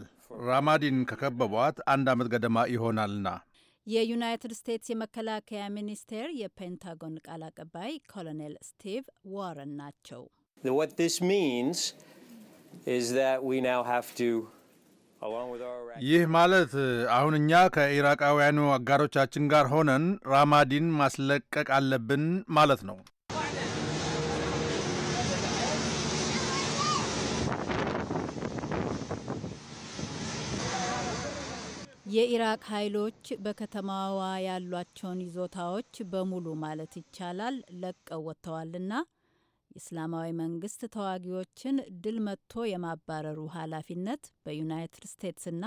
ራማዲን ከከበቧት አንድ ዓመት ገደማ ይሆናልና። የዩናይትድ ስቴትስ የመከላከያ ሚኒስቴር የፔንታጎን ቃል አቀባይ ኮሎኔል ስቲቭ ዋረን ናቸው። ይህ ማለት አሁን እኛ ከኢራቃውያኑ አጋሮቻችን ጋር ሆነን ራማዲን ማስለቀቅ አለብን ማለት ነው። የኢራቅ ኃይሎች በከተማዋ ያሏቸውን ይዞታዎች በሙሉ ማለት ይቻላል ለቀው ወጥተዋልና የእስላማዊ መንግስት ተዋጊዎችን ድል መጥቶ የማባረሩ ኃላፊነት በዩናይትድ ስቴትስና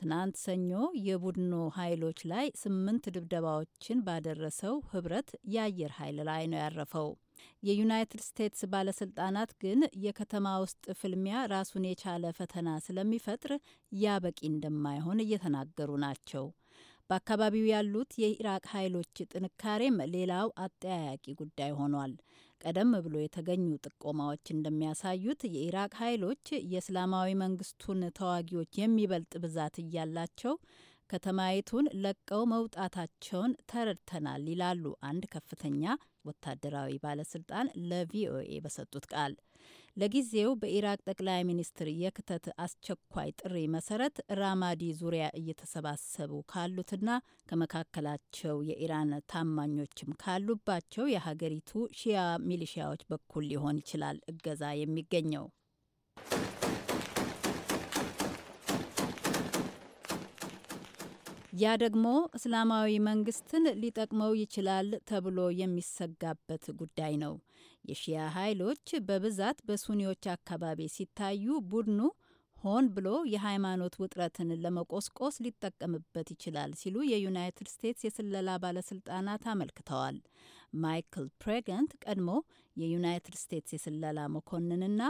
ትናንት ሰኞ የቡድኑ ኃይሎች ላይ ስምንት ድብደባዎችን ባደረሰው ህብረት የአየር ኃይል ላይ ነው ያረፈው። የዩናይትድ ስቴትስ ባለስልጣናት ግን የከተማ ውስጥ ፍልሚያ ራሱን የቻለ ፈተና ስለሚፈጥር ያ በቂ እንደማይሆን እየተናገሩ ናቸው። በአካባቢው ያሉት የኢራቅ ኃይሎች ጥንካሬም ሌላው አጠያያቂ ጉዳይ ሆኗል። ቀደም ብሎ የተገኙ ጥቆማዎች እንደሚያሳዩት የኢራቅ ኃይሎች የእስላማዊ መንግስቱን ተዋጊዎች የሚበልጥ ብዛት እያላቸው ከተማይቱን ለቀው መውጣታቸውን ተረድተናል ይላሉ አንድ ከፍተኛ ወታደራዊ ባለስልጣን ለቪኦኤ በሰጡት ቃል። ለጊዜው በኢራቅ ጠቅላይ ሚኒስትር የክተት አስቸኳይ ጥሪ መሰረት ራማዲ ዙሪያ እየተሰባሰቡ ካሉትና ከመካከላቸው የኢራን ታማኞችም ካሉባቸው የሀገሪቱ ሺያ ሚሊሺያዎች በኩል ሊሆን ይችላል እገዛ የሚገኘው። ያ ደግሞ እስላማዊ መንግስትን ሊጠቅመው ይችላል ተብሎ የሚሰጋበት ጉዳይ ነው። የሺያ ኃይሎች በብዛት በሱኒዎች አካባቢ ሲታዩ ቡድኑ ሆን ብሎ የሃይማኖት ውጥረትን ለመቆስቆስ ሊጠቀምበት ይችላል ሲሉ የዩናይትድ ስቴትስ የስለላ ባለስልጣናት አመልክተዋል። ማይክል ፕሬገንት ቀድሞ የዩናይትድ ስቴትስ የስለላ መኮንንና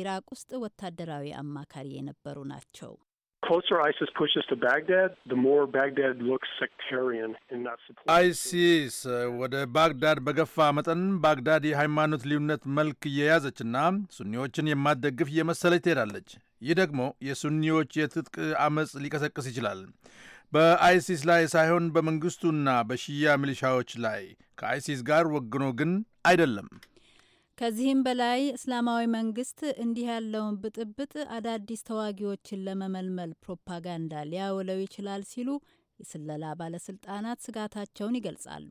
ኢራቅ ውስጥ ወታደራዊ አማካሪ የነበሩ ናቸው። closer ISIS pushes to Baghdad, the more Baghdad looks sectarian and not supportive. አይሲስ uh, ወደ ባግዳድ በገፋ መጠን ባግዳድ የሃይማኖት ልዩነት መልክ እየያዘችና ሱኒዎችን የማትደግፍ እየመሰለች ትሄዳለች። ይህ ደግሞ የሱኒዎች የትጥቅ አመፅ ሊቀሰቅስ ይችላል። በአይሲስ ላይ ሳይሆን በመንግስቱና በሽያ ሚሊሻዎች ላይ ከአይሲስ ጋር ወግኖ ግን አይደለም። ከዚህም በላይ እስላማዊ መንግስት እንዲህ ያለውን ብጥብጥ አዳዲስ ተዋጊዎችን ለመመልመል ፕሮፓጋንዳ ሊያውለው ይችላል ሲሉ የስለላ ባለስልጣናት ስጋታቸውን ይገልጻሉ።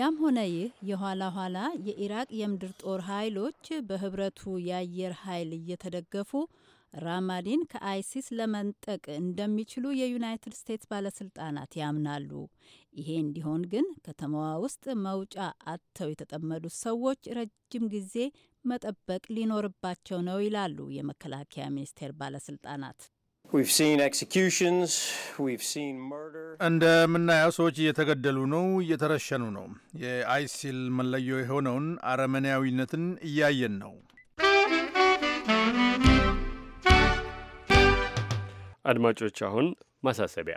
ያም ሆነ ይህ የኋላ ኋላ የኢራቅ የምድር ጦር ኃይሎች በህብረቱ የአየር ኃይል እየተደገፉ ራማዲን ከአይሲስ ለመንጠቅ እንደሚችሉ የዩናይትድ ስቴትስ ባለስልጣናት ያምናሉ። ይሄ እንዲሆን ግን ከተማዋ ውስጥ መውጫ አጥተው የተጠመዱት ሰዎች ረጅም ጊዜ መጠበቅ ሊኖርባቸው ነው ይላሉ የመከላከያ ሚኒስቴር ባለስልጣናት። እንደምናየው ሰዎች እየተገደሉ ነው፣ እየተረሸኑ ነው። የአይሲል መለዮ የሆነውን አረመኔያዊነትን እያየን ነው። አድማጮች አሁን ማሳሰቢያ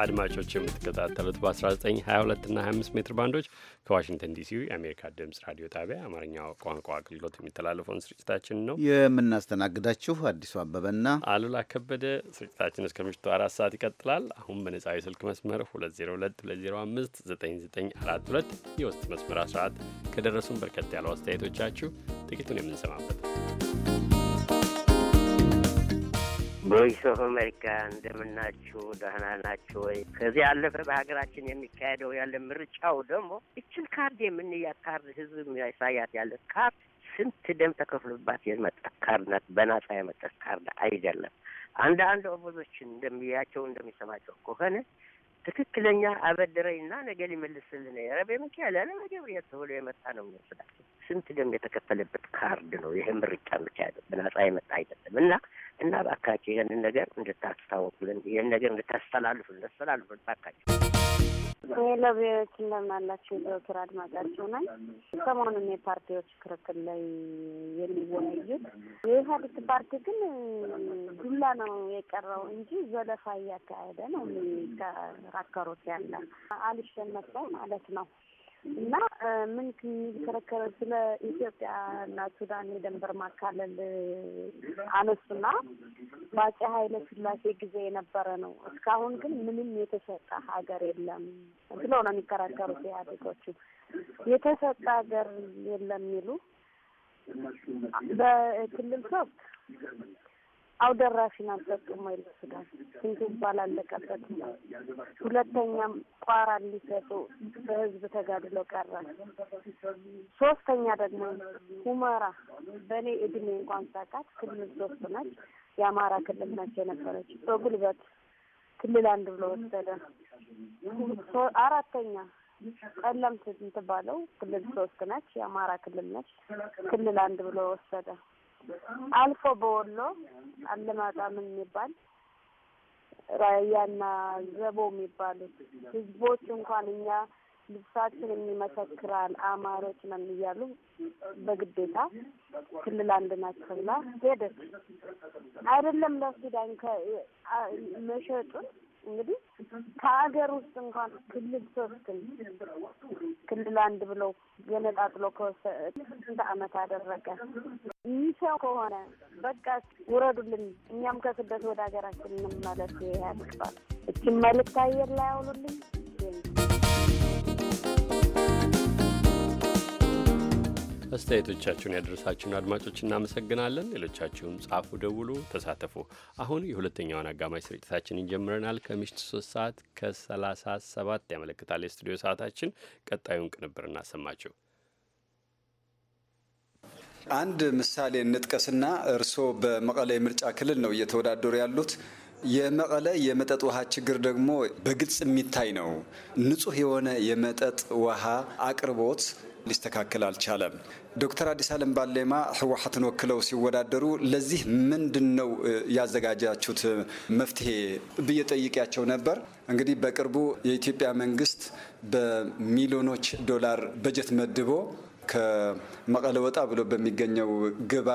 አድማጮች የምትከታተሉት በ1922 እና 25 ሜትር ባንዶች ከዋሽንግተን ዲሲ የአሜሪካ ድምፅ ራዲዮ ጣቢያ አማርኛ ቋንቋ አገልግሎት የሚተላለፈውን ስርጭታችን ነው የምናስተናግዳችሁ። አዲሱ አበበና አሉላ ከበደ። ስርጭታችን እስከ ምሽቱ አራት ሰዓት ይቀጥላል። አሁን በነጻዊ ስልክ መስመር 2022059942 የውስጥ መስመር አስራት ከደረሱን በርከት ያለው አስተያየቶቻችሁ ጥቂቱን የምንሰማበት ቮይስ ኦፍ አሜሪካ እንደምናችሁ፣ ደህና ናችሁ ወይ? ከዚህ ያለፈ በሀገራችን የሚካሄደው ያለ ምርጫው ደግሞ እችን ካርድ የምንያ ካርድ ህዝብ የሚያሳያት ያለ ካርድ ስንት ደም ተከፍሎባት የመጣት ካርድ ናት። በናጻ የመጣት ካርድ አይደለም። አንዳንድ ኦቦዞችን እንደሚያቸው እንደሚሰማቸው ከሆነ ትክክለኛ አበድረኝና ነገ ሊመልስልን ረቤ ሚካኤል ያለ መገብርኤል ተብሎ የመጣ ነው የሚመስላቸው። ስንት ደም የተከፈለበት ካርድ ነው ይህ ምርጫ የሚካሄደው፣ በናጻ የመጣ አይደለም እና እባካችሁ ይህንን ነገር እንድታስታወቁልን፣ ይህን ነገር እንድታስተላልፉ አስተላልፉልን እባካችሁ። ሌላ ብሔሮች እንደምናላቸው የዘወትር አድማጫቸው ነኝ። ሰሞኑን የፓርቲዎች ክርክር ላይ የሚወያዩት የኢህአዴግ ፓርቲ ግን ዱላ ነው የቀረው እንጂ ዘለፋ እያካሄደ ነው ከራከሮት ያለ አልሸነፍ ላይ ማለት ነው። እና ምን የሚከረከረ ስለ ኢትዮጵያ ና ሱዳን የደንበር ማካለል አነሱና በአፄ ኃይለ ሥላሴ ጊዜ የነበረ ነው። እስካሁን ግን ምንም የተሰጠ ሀገር የለም ብለው ነው የሚከራከሩት ኢህአዴጎቹ። የተሰጠ ሀገር የለም የሚሉ በክልል ሶስት አውደራሽን አልሰጡም። ኃይለ ሥላሴ ስንቱ ባላለቀበትም። ሁለተኛም ቋራ ሊሰጡ በህዝብ ተጋድሎ ቀረ። ሶስተኛ ደግሞ ሁመራ በእኔ እድሜ እንኳን ሳቃት ክልል ሶስት ነች፣ የአማራ ክልል ነች የነበረች በጉልበት ክልል አንድ ብሎ ወሰደ። አራተኛ ቀለምት የምትባለው ክልል ሶስት ነች፣ የአማራ ክልል ነች፣ ክልል አንድ ብሎ ወሰደ። አልፎ በወሎ አለማጣ ምን የሚባል ራያና ዘቦ የሚባሉት ህዝቦች እንኳን እኛ ልብሳችንን ይመሰክራል አማሮች ነን እያሉ በግዴታ ክልል አንድ ናቸው ብላ ሄደች። አይደለም ለሱዳን መሸጡን እንግዲህ ከሀገር ውስጥ እንኳን ክልል ሶስትን ክልል አንድ ብለው የነጣጥሎ ከስንት አመት አደረገ። ይሰው ከሆነ በቃ ውረዱልን፣ እኛም ከስደት ወደ ሀገራችን እንመለስ። ይህ ያልቅባል። እችን መልእክት አየር ላይ አውሉልኝ። አስተያየቶቻችሁን ያደረሳችሁን አድማጮች እናመሰግናለን። ሌሎቻችሁም ጻፉ፣ ደውሉ፣ ተሳተፉ። አሁን የሁለተኛውን አጋማሽ ስርጭታችንን ጀምረናል። ከምሽት ሶስት ሰዓት ከሰላሳ ሰባት ያመለክታል የስቱዲዮ ሰዓታችን። ቀጣዩን ቅንብር እናሰማችሁ። አንድ ምሳሌ እንጥቀስና እርስዎ በመቀለ የምርጫ ክልል ነው እየተወዳደሩ ያሉት። የመቀለ የመጠጥ ውሃ ችግር ደግሞ በግልጽ የሚታይ ነው። ንጹህ የሆነ የመጠጥ ውሃ አቅርቦት ሊስተካከል አልቻለም። ዶክተር አዲስ አለም ባሌማ ህወሀትን ወክለው ሲወዳደሩ ለዚህ ምንድን ነው ያዘጋጃችሁት መፍትሄ ብዬ ጠይቄያቸው ነበር። እንግዲህ በቅርቡ የኢትዮጵያ መንግስት በሚሊዮኖች ዶላር በጀት መድቦ ከመቀለ ወጣ ብሎ በሚገኘው ግባ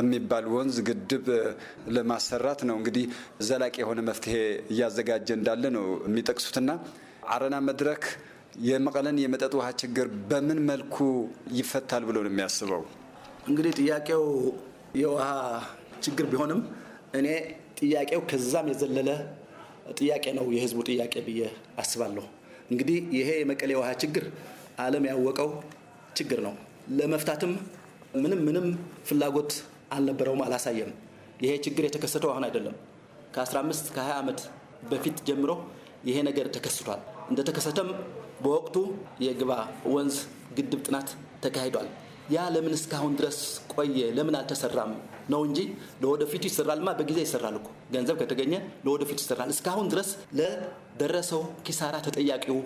የሚባል ወንዝ ግድብ ለማሰራት ነው እንግዲህ ዘላቂ የሆነ መፍትሄ እያዘጋጀ እንዳለ ነው የሚጠቅሱትና አረና መድረክ የመቀለን የመጠጥ ውሃ ችግር በምን መልኩ ይፈታል ብሎ ነው የሚያስበው? እንግዲህ ጥያቄው የውሃ ችግር ቢሆንም እኔ ጥያቄው ከዛም የዘለለ ጥያቄ ነው የህዝቡ ጥያቄ ብዬ አስባለሁ። እንግዲህ ይሄ የመቀሌ የውሃ ችግር ዓለም ያወቀው ችግር ነው። ለመፍታትም ምንም ምንም ፍላጎት አልነበረውም፣ አላሳየም። ይሄ ችግር የተከሰተው አሁን አይደለም። ከ15 ከ20 ዓመት በፊት ጀምሮ ይሄ ነገር ተከስቷል። እንደተከሰተም በወቅቱ የግባ ወንዝ ግድብ ጥናት ተካሂዷል። ያ ለምን እስካሁን ድረስ ቆየ? ለምን አልተሰራም ነው እንጂ ለወደፊቱ ይሰራልማ፣ በጊዜ ይሰራል እኮ ገንዘብ ከተገኘ ለወደፊቱ ይሰራል። እስካሁን ድረስ ለደረሰው ኪሳራ ተጠያቂው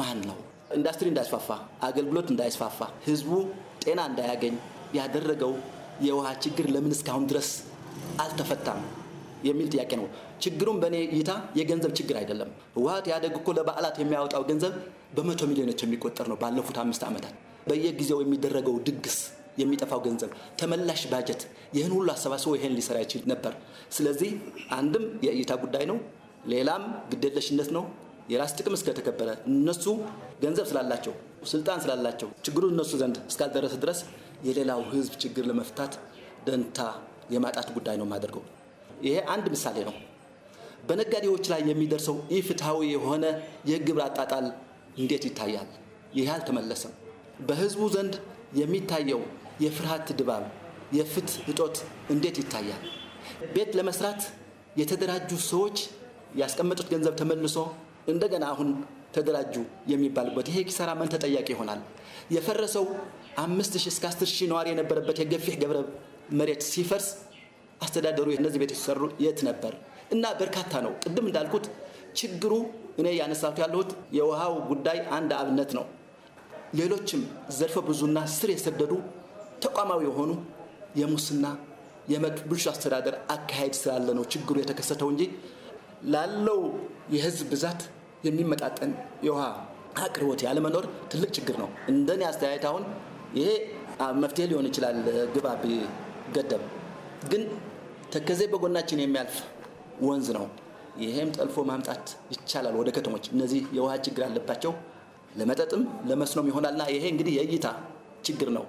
ማን ነው? ኢንዱስትሪ እንዳይስፋፋ፣ አገልግሎት እንዳይስፋፋ፣ ህዝቡ ጤና እንዳያገኝ ያደረገው የውሃ ችግር ለምን እስካሁን ድረስ አልተፈታም የሚል ጥያቄ ነው። ችግሩም በእኔ እይታ የገንዘብ ችግር አይደለም። ህወሓት ያደግ እኮ ለበዓላት የሚያወጣው ገንዘብ በመቶ ሚሊዮኖች የሚቆጠር ነው። ባለፉት አምስት ዓመታት በየጊዜው የሚደረገው ድግስ፣ የሚጠፋው ገንዘብ፣ ተመላሽ ባጀት፣ ይህን ሁሉ አሰባስቦ ይህን ሊሰራ ይችል ነበር። ስለዚህ አንድም የእይታ ጉዳይ ነው፣ ሌላም ግዴለሽነት ነው። የራስ ጥቅም እስከተከበረ እነሱ ገንዘብ ስላላቸው ስልጣን ስላላቸው ችግሩ እነሱ ዘንድ እስካልደረሰ ድረስ የሌላው ህዝብ ችግር ለመፍታት ደንታ የማጣት ጉዳይ ነው የማደርገው። ይሄ አንድ ምሳሌ ነው። በነጋዴዎች ላይ የሚደርሰው ኢፍትሐዊ የሆነ የግብር አጣጣል እንዴት ይታያል? ይህ አልተመለሰም። በህዝቡ ዘንድ የሚታየው የፍርሃት ድባብ፣ የፍትህ እጦት እንዴት ይታያል? ቤት ለመስራት የተደራጁ ሰዎች ያስቀመጡት ገንዘብ ተመልሶ እንደገና አሁን ተደራጁ የሚባልበት ይሄ ኪሳራ ማን ተጠያቂ ይሆናል? የፈረሰው አምስት ሺህ እስከ አስር ሺህ ነዋሪ የነበረበት የገፊህ ገብረ መሬት ሲፈርስ አስተዳደሩ እነዚህ ቤቶች ሲሰሩ የት ነበር? እና በርካታ ነው። ቅድም እንዳልኩት ችግሩ እኔ ያነሳቱ ያለሁት የውሃው ጉዳይ አንድ አብነት ነው። ሌሎችም ዘርፈ ብዙና ስር የሰደዱ ተቋማዊ የሆኑ የሙስና የብልሹ አስተዳደር አካሄድ ስላለ ነው ችግሩ የተከሰተው እንጂ ላለው የህዝብ ብዛት የሚመጣጠን የውሃ አቅርቦት ያለመኖር ትልቅ ችግር ነው። እንደኔ አስተያየት አሁን ይሄ መፍትሄ ሊሆን ይችላል ግባ ቢገደብ ግን ተከዜ በጎናችን የሚያልፍ ወንዝ ነው። ይሄም ጠልፎ ማምጣት ይቻላል ወደ ከተሞች። እነዚህ የውሃ ችግር አለባቸው፣ ለመጠጥም ለመስኖም ይሆናልና ይሄ እንግዲህ የእይታ ችግር ነው፣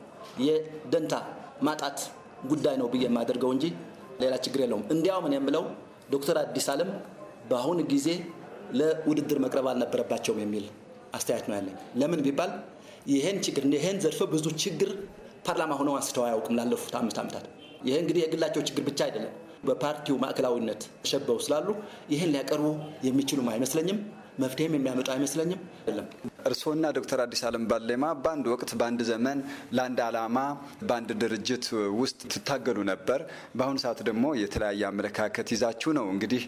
የደንታ ማጣት ጉዳይ ነው ብዬ የማደርገው እንጂ ሌላ ችግር የለውም። እንዲያውም እኔ የምለው ዶክተር አዲስ አለም በአሁን ጊዜ ለውድድር መቅረብ አልነበረባቸውም የሚል አስተያየት ነው ያለኝ። ለምን ቢባል ይህን ችግር ይህን ዘርፈ ብዙ ችግር ፓርላማ ሆነው አንስተው አያውቅም ላለፉት አምስት ዓመታት። ይህ እንግዲህ የግላቸው ችግር ብቻ አይደለም በፓርቲው ማዕከላዊነት ተሸበው ስላሉ ይህን ሊያቀርቡ የሚችሉም አይመስለኝም። መፍትሄም የሚያመጡ አይመስለኝም። ለም እርስዎና ዶክተር አዲስ አለም ባሌማ በአንድ ወቅት በአንድ ዘመን ለአንድ ዓላማ በአንድ ድርጅት ውስጥ ትታገሉ ነበር። በአሁኑ ሰዓት ደግሞ የተለያየ አመለካከት ይዛችሁ ነው እንግዲህ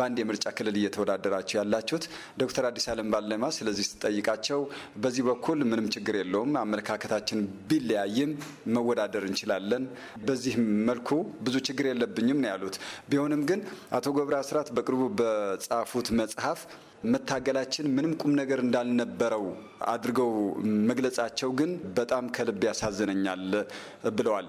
በአንድ የምርጫ ክልል እየተወዳደራችሁ ያላችሁት። ዶክተር አዲስ አለም ባሌማ ስለዚህ ስጠይቃቸው በዚህ በኩል ምንም ችግር የለውም አመለካከታችን ቢለያይም መወዳደር እንችላለን፣ በዚህ መልኩ ብዙ ችግር የለብኝም ነው ያሉት። ቢሆንም ግን አቶ ገብረ አስራት በቅርቡ በጻፉት መጽሐፍ መታገላችን ምንም ቁም ነገር እንዳልነበረው አድርገው መግለጻቸው ግን በጣም ከልብ ያሳዝነኛል ብለዋል።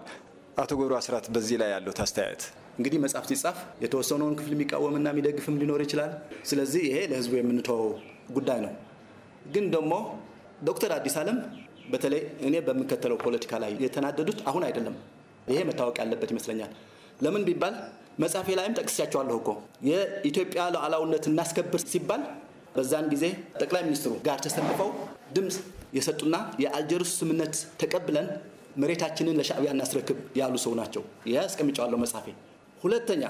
አቶ ገብሩ አስራት በዚህ ላይ ያለው አስተያየት እንግዲህ መጽሐፍ ሲጻፍ የተወሰነውን ክፍል የሚቃወምና የሚደግፍም ሊኖር ይችላል። ስለዚህ ይሄ ለህዝቡ የምንተው ጉዳይ ነው። ግን ደግሞ ዶክተር አዲስ አለም በተለይ እኔ በምከተለው ፖለቲካ ላይ የተናደዱት አሁን አይደለም። ይሄ መታወቅ ያለበት ይመስለኛል። ለምን ቢባል መጽሐፌ ላይም ጠቅስቻቸዋለሁ እኮ የኢትዮጵያ ሉዓላዊነት እናስከብር ሲባል በዛን ጊዜ ጠቅላይ ሚኒስትሩ ጋር ተሰልፈው ድምፅ የሰጡና የአልጀርስ ስምነት ተቀብለን መሬታችንን ለሻዕቢያ እናስረክብ ያሉ ሰው ናቸው። ይህ አስቀምጫዋለሁ መጽሐፌ። ሁለተኛ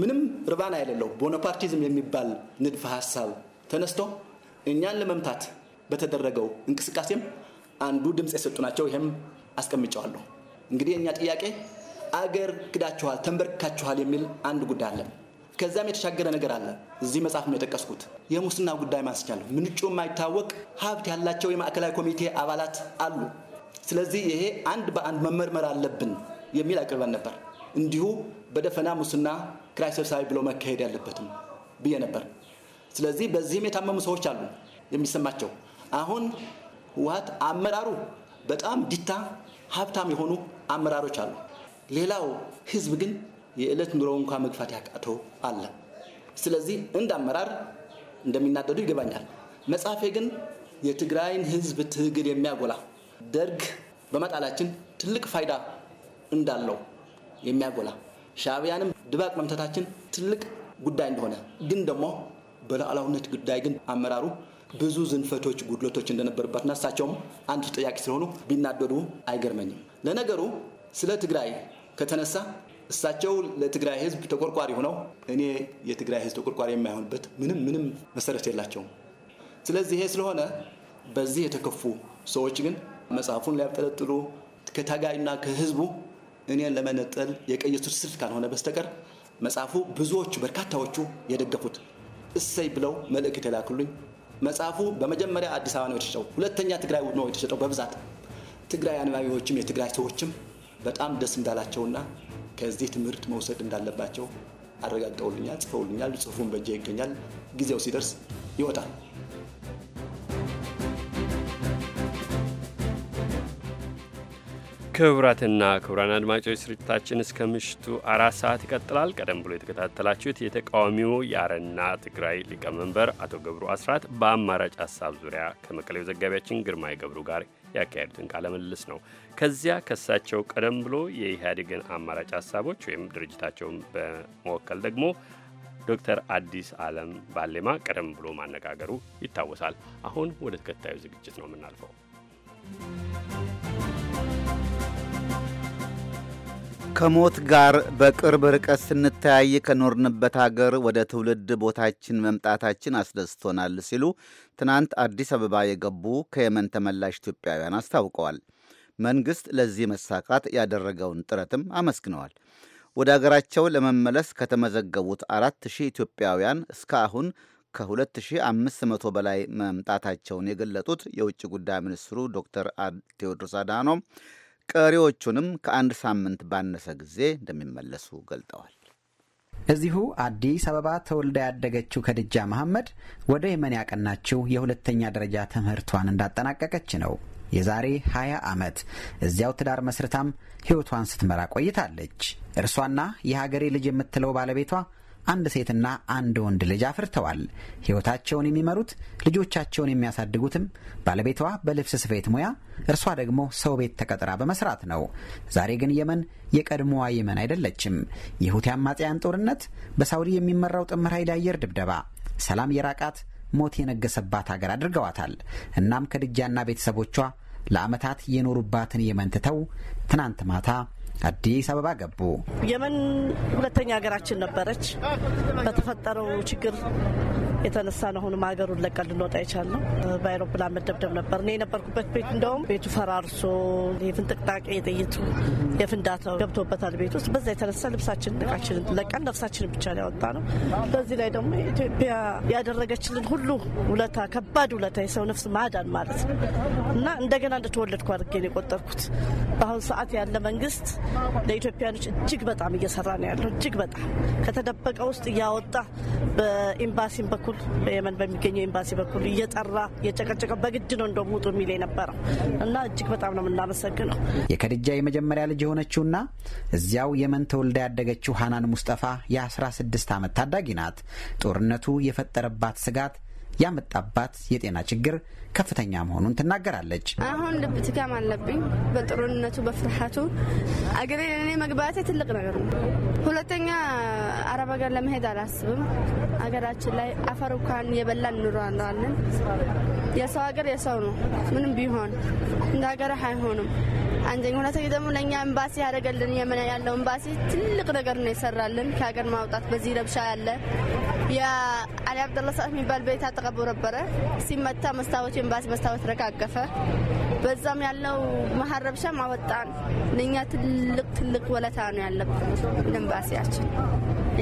ምንም ርባና የሌለው ቦናፓርቲዝም የሚባል ንድፈ ሀሳብ ተነስቶ እኛን ለመምታት በተደረገው እንቅስቃሴም አንዱ ድምፅ የሰጡ ናቸው። ይህም አስቀምጫዋለሁ። እንግዲህ እኛ ጥያቄ አገር ክዳችኋል፣ ተንበርክካችኋል የሚል አንድ ጉዳይ አለን። ከዚያም የተሻገረ ነገር አለ። እዚህ መጽሐፍ ነው የጠቀስኩት። የሙስና ጉዳይ ማስቻል ምንጩ የማይታወቅ ሀብት ያላቸው የማዕከላዊ ኮሚቴ አባላት አሉ። ስለዚህ ይሄ አንድ በአንድ መመርመር አለብን የሚል አቅርበን ነበር። እንዲሁ በደፈና ሙስና ኪራይ ሰብሳቢ ብሎ መካሄድ ያለበትም ብዬ ነበር። ስለዚህ በዚህም የታመሙ ሰዎች አሉ የሚሰማቸው። አሁን ህወሓት አመራሩ በጣም ዲታ ሀብታም የሆኑ አመራሮች አሉ። ሌላው ህዝብ ግን የዕለት ኑሮ እንኳ መግፋት ያቃተው አለ። ስለዚህ እንደ አመራር እንደሚናደዱ ይገባኛል። መጽሐፌ ግን የትግራይን ህዝብ ትግል የሚያጎላ ደርግ በመጣላችን ትልቅ ፋይዳ እንዳለው የሚያጎላ ሻዕቢያንም ድባቅ መምታታችን ትልቅ ጉዳይ እንደሆነ ግን ደግሞ በሉዓላዊነት ጉዳይ ግን አመራሩ ብዙ ዝንፈቶች፣ ጉድለቶች እንደነበሩበትና እሳቸውም አንድ ተጠያቂ ስለሆኑ ቢናደዱ አይገርመኝም። ለነገሩ ስለ ትግራይ ከተነሳ እሳቸው ለትግራይ ህዝብ ተቆርቋሪ ሆነው እኔ የትግራይ ህዝብ ተቆርቋሪ የማይሆንበት ምንም ምንም መሰረት የላቸውም። ስለዚህ ይሄ ስለሆነ በዚህ የተከፉ ሰዎች ግን መጽሐፉን ሊያብጠለጥሉ ከታጋይና ከህዝቡ እኔን ለመነጠል የቀየሱት ስልት ካልሆነ በስተቀር መጽሐፉ ብዙዎቹ በርካታዎቹ የደገፉት እሰይ ብለው መልእክት የተላክሉኝ። መጽሐፉ በመጀመሪያ አዲስ አበባ ነው የተሸጠው፣ ሁለተኛ ትግራይ ነው የተሸጠው በብዛት ትግራይ አንባቢዎችም የትግራይ ሰዎችም በጣም ደስ እንዳላቸውና ከዚህ ትምህርት መውሰድ እንዳለባቸው አረጋግጠውልኛል፣ ጽፈውልኛል። ጽሁፉን በእጄ ይገኛል። ጊዜው ሲደርስ ይወጣል። ክቡራትና ክቡራን አድማጮች ስርጭታችን እስከ ምሽቱ አራት ሰዓት ይቀጥላል። ቀደም ብሎ የተከታተላችሁት የተቃዋሚው የአረና ትግራይ ሊቀመንበር አቶ ገብሩ አስራት በአማራጭ ሀሳብ ዙሪያ ከመቀሌው ዘጋቢያችን ግርማይ ገብሩ ጋር ያካሄዱትን ቃለ ምልልስ ነው። ከዚያ ከሳቸው ቀደም ብሎ የኢህአዴግን አማራጭ ሀሳቦች ወይም ድርጅታቸውን በመወከል ደግሞ ዶክተር አዲስ አለም ባሌማ ቀደም ብሎ ማነጋገሩ ይታወሳል። አሁን ወደ ተከታዩ ዝግጅት ነው የምናልፈው። ከሞት ጋር በቅርብ ርቀት ስንተያይ ከኖርንበት ሀገር ወደ ትውልድ ቦታችን መምጣታችን አስደስቶናል ሲሉ ትናንት አዲስ አበባ የገቡ ከየመን ተመላሽ ኢትዮጵያውያን አስታውቀዋል። መንግሥት ለዚህ መሳካት ያደረገውን ጥረትም አመስግነዋል። ወደ አገራቸው ለመመለስ ከተመዘገቡት አራት ሺህ ኢትዮጵያውያን እስከ አሁን ከ2500 በላይ መምጣታቸውን የገለጡት የውጭ ጉዳይ ሚኒስትሩ ዶክተር ቴዎድሮስ አድሃኖም ቀሪዎቹንም ከአንድ ሳምንት ባነሰ ጊዜ እንደሚመለሱ ገልጠዋል። እዚሁ አዲስ አበባ ተወልዳ ያደገችው ከድጃ መሐመድ ወደ የመን ያቀናችው የሁለተኛ ደረጃ ትምህርቷን እንዳጠናቀቀች ነው። የዛሬ 20 ዓመት እዚያው ትዳር መስርታም ሕይወቷን ስትመራ ቆይታለች። እርሷና የሀገሬ ልጅ የምትለው ባለቤቷ አንድ ሴትና አንድ ወንድ ልጅ አፍርተዋል። ሕይወታቸውን የሚመሩት ልጆቻቸውን የሚያሳድጉትም ባለቤቷ በልብስ ስፌት ሙያ፣ እርሷ ደግሞ ሰው ቤት ተቀጥራ በመስራት ነው። ዛሬ ግን የመን የቀድሞዋ የመን አይደለችም። የሁቲ አማጽያን ጦርነት፣ በሳውዲ የሚመራው ጥምር ኃይል አየር ድብደባ፣ ሰላም የራቃት ሞት የነገሰባት ሀገር አድርገዋታል። እናም ከድጃና ቤተሰቦቿ ለዓመታት የኖሩባትን የመን ትተው ትናንት ማታ አዲስ አበባ ገቡ። የመን ሁለተኛ ሀገራችን ነበረች። በተፈጠረው ችግር የተነሳ ነው። አሁንም ሀገሩን ለቀን ልንወጣ የቻልነው በአይሮፕላን መደብደብ ነበር። እኔ የነበርኩበት ቤት እንደውም ቤቱ ፈራርሶ የፍንጥቅጣቄ የጥይቱ የፍንዳታው ገብቶበታል ቤት ውስጥ። በዛ የተነሳ ልብሳችን እቃችንን ለቀን ነፍሳችንን ብቻ ያወጣ ነው። በዚህ ላይ ደግሞ ኢትዮጵያ ያደረገችልን ሁሉ ውለታ፣ ከባድ ውለታ፣ የሰው ነፍስ ማዳን ማለት ነው እና እንደገና እንደተወለድኩ አድርጌ ነው የቆጠርኩት። በአሁኑ ሰዓት ያለ መንግስት ለኢትዮጵያኖች እጅግ በጣም እየሰራ ነው ያለው። እጅግ በጣም ከተደበቀ ውስጥ እያወጣ በኤምባሲም በኩል በየመን በሚገኘው ኤምባሲ በኩል እየጠራ እየጨቀጨቀ በግድ ነው እንደውም ውጡ የሚል የነበረው እና እጅግ በጣም ነው የምናመሰግነው። የከድጃ የመጀመሪያ ልጅ የሆነችውና እዚያው የመን ተወልዳ ያደገችው ሀናን ሙስጠፋ የ16 ዓመት ታዳጊ ናት። ጦርነቱ የፈጠረባት ስጋት ያመጣባት የጤና ችግር ከፍተኛ መሆኑን ትናገራለች። አሁን ልብ ትካም አለብኝ በጥሩነቱ በፍርሃቱ አገሬ ለእኔ መግባቴ ትልቅ ነገር ነው። ሁለተኛ አረብ ሀገር ለመሄድ አላስብም። አገራችን ላይ አፈር እንኳን የበላን እንኖራለን። የሰው ሀገር የሰው ነው። ምንም ቢሆን እንደ ሀገር አይሆንም። አንደኛ። ሁለተኛ ደግሞ ለእኛ ኤምባሲ ያደረገልን የመን ያለው ኤምባሲ ትልቅ ነገር ነው የሰራልን ከሀገር ማውጣት። በዚህ ረብሻ ያለ የአሊ አብደላ ሰዓት የሚባል ቤት አጠገቡ ነበረ። ሲመታ መስታወት ኤምባሲ መስታወት ረጋገፈ። በዛም ያለው መሀል ረብሻም አወጣን። ለእኛ ትልቅ ትልቅ ወለታ ነው ያለብን ኤምባሲያችን።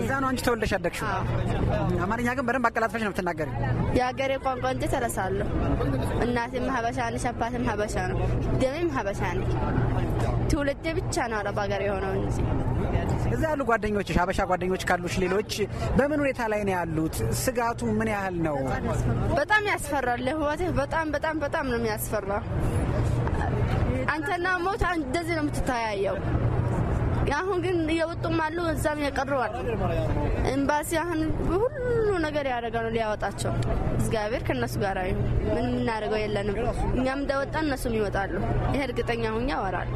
እዛ ነው አንቺ ተወልደሽ ያደግሽው። አማርኛ ግን በደንብ አቀላጥፈሽ ነው የምትናገሪው። የሀገሬ ቋንቋ እንጂ ተረሳለሁ። እናቴም ሀበሻ ነች፣ አባቴም ሀበሻ ነው፣ ደሜም ሀበሻ ነች። ትውልዴ ብቻ ነው አረብ ሀገር የሆነው እንጂ። እዛ ያሉ ጓደኞች ሀበሻ ጓደኞች ካሉሽ ሌሎች በምን ሁኔታ ላይ ነው ያሉት? ስጋቱ ምን ያህል ነው? በጣም ያስፈራል። ለህይወትህ በጣም በጣም በጣም ነው የሚያስፈራ። አንተና ሞት እንደዚህ ነው የምትተያየው። አሁን ግን እየወጡም አሉ እዛም የቀረዋል። ኤምባሲ አሁን ሁሉ ነገር ያደረገ ሊያወጣቸው። እግዚአብሔር ከእነሱ ጋር ይሁን። ምን የምናደርገው የለንም። እኛም እንደወጣ እነሱም ይወጣሉ። ይሄ እርግጠኛ ሁኛ ወራል።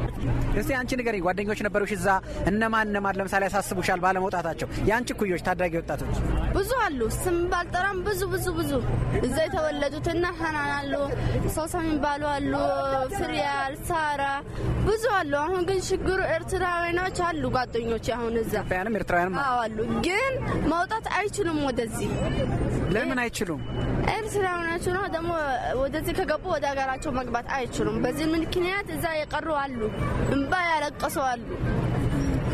እስቲ አንቺ ንገሪኝ፣ ጓደኞች ነበሩሽ እዛ እነማን እነማን ለምሳሌ ያሳስቡሻል ባለመውጣታቸው? የአንቺ ኩዮች ታዳጊ ወጣቶች ብዙ አሉ። ስም ባልጠራም ብዙ ብዙ ብዙ እዛ የተወለዱትና ሀናን አሉ፣ ሰው የሚባሉ አሉ፣ ፍሪያል፣ ሳራ ብዙ አሉ። አሁን ግን ችግሩ ኤርትራዊ ናቸው ልጆች አሉ ጓደኞች አሁን እዛ ኢትዮጵያንም ኤርትራውያንም አሉ። ግን መውጣት አይችሉም። ወደዚህ ለምን አይችሉም? ኤርትራውያኖቹ ነው ደግሞ ወደዚህ ከገቡ ወደ ሀገራቸው መግባት አይችሉም። በዚህ ምክንያት እዛ የቀሩ አሉ፣ እንባ ያለቀሱ አሉ።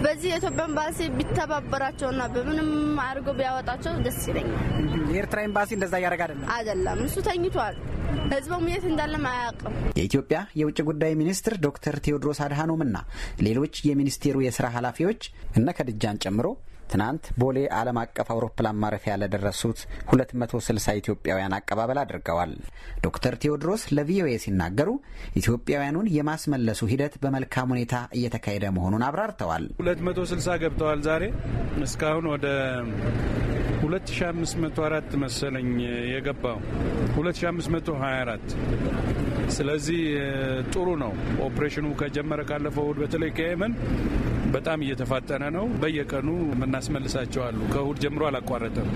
በዚህ የኢትዮጵያ ኤምባሲ ቢተባበራቸውና በምንም አድርጎ ቢያወጣቸው ደስ ይለኛል። የኤርትራ ኤምባሲ እንደዛ እያደረገ አይደለም አይደለም፣ እሱ ተኝቷል። ህዝቡም የት እንዳለም አያውቅም። የኢትዮጵያ የውጭ ጉዳይ ሚኒስትር ዶክተር ቴዎድሮስ አድሃኖምና ሌሎች የሚኒስቴሩ የስራ ኃላፊዎች እነ ከድጃን ጨምሮ ትናንት ቦሌ ዓለም አቀፍ አውሮፕላን ማረፊያ ለደረሱት 260 ኢትዮጵያውያን አቀባበል አድርገዋል። ዶክተር ቴዎድሮስ ለቪኦኤ ሲናገሩ ኢትዮጵያውያኑን የማስመለሱ ሂደት በመልካም ሁኔታ እየተካሄደ መሆኑን አብራርተዋል። 260 ገብተዋል። ዛሬ እስካሁን ወደ 2504 መሰለኝ የገባው 2524 ስለዚህ ጥሩ ነው። ኦፕሬሽኑ ከጀመረ ካለፈው እሁድ በተለይ ከየመን በጣም እየተፋጠነ ነው። በየቀኑ ያስመልሳቸዋሉ። ከእሁድ ጀምሮ አላቋረጠም።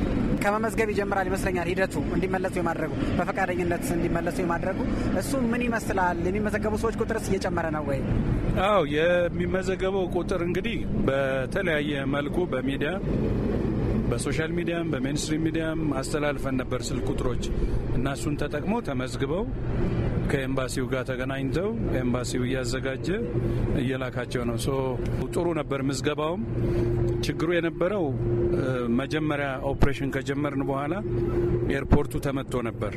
ከመመዝገብ ይጀምራል ይመስለኛል ሂደቱ እንዲመለሱ የማድረጉ በፈቃደኝነት እንዲመለሱ የማድረጉ እሱ ምን ይመስላል? የሚመዘገቡ ሰዎች ቁጥርስ እየጨመረ ነው ወይ? አዎ የሚመዘገበው ቁጥር እንግዲህ በተለያየ መልኩ በሚዲያ በሶሻል ሚዲያም በሜንስትሪም ሚዲያም አስተላልፈን ነበር ስልክ ቁጥሮች እና እሱን ተመዝግበው ከኤምባሲው ጋር ተገናኝተው ኤምባሲው እያዘጋጀ እየላካቸው ነው። ጥሩ ነበር ምዝገባውም። ችግሩ የነበረው መጀመሪያ ኦፕሬሽን ከጀመርን በኋላ ኤርፖርቱ ተመቶ ነበር።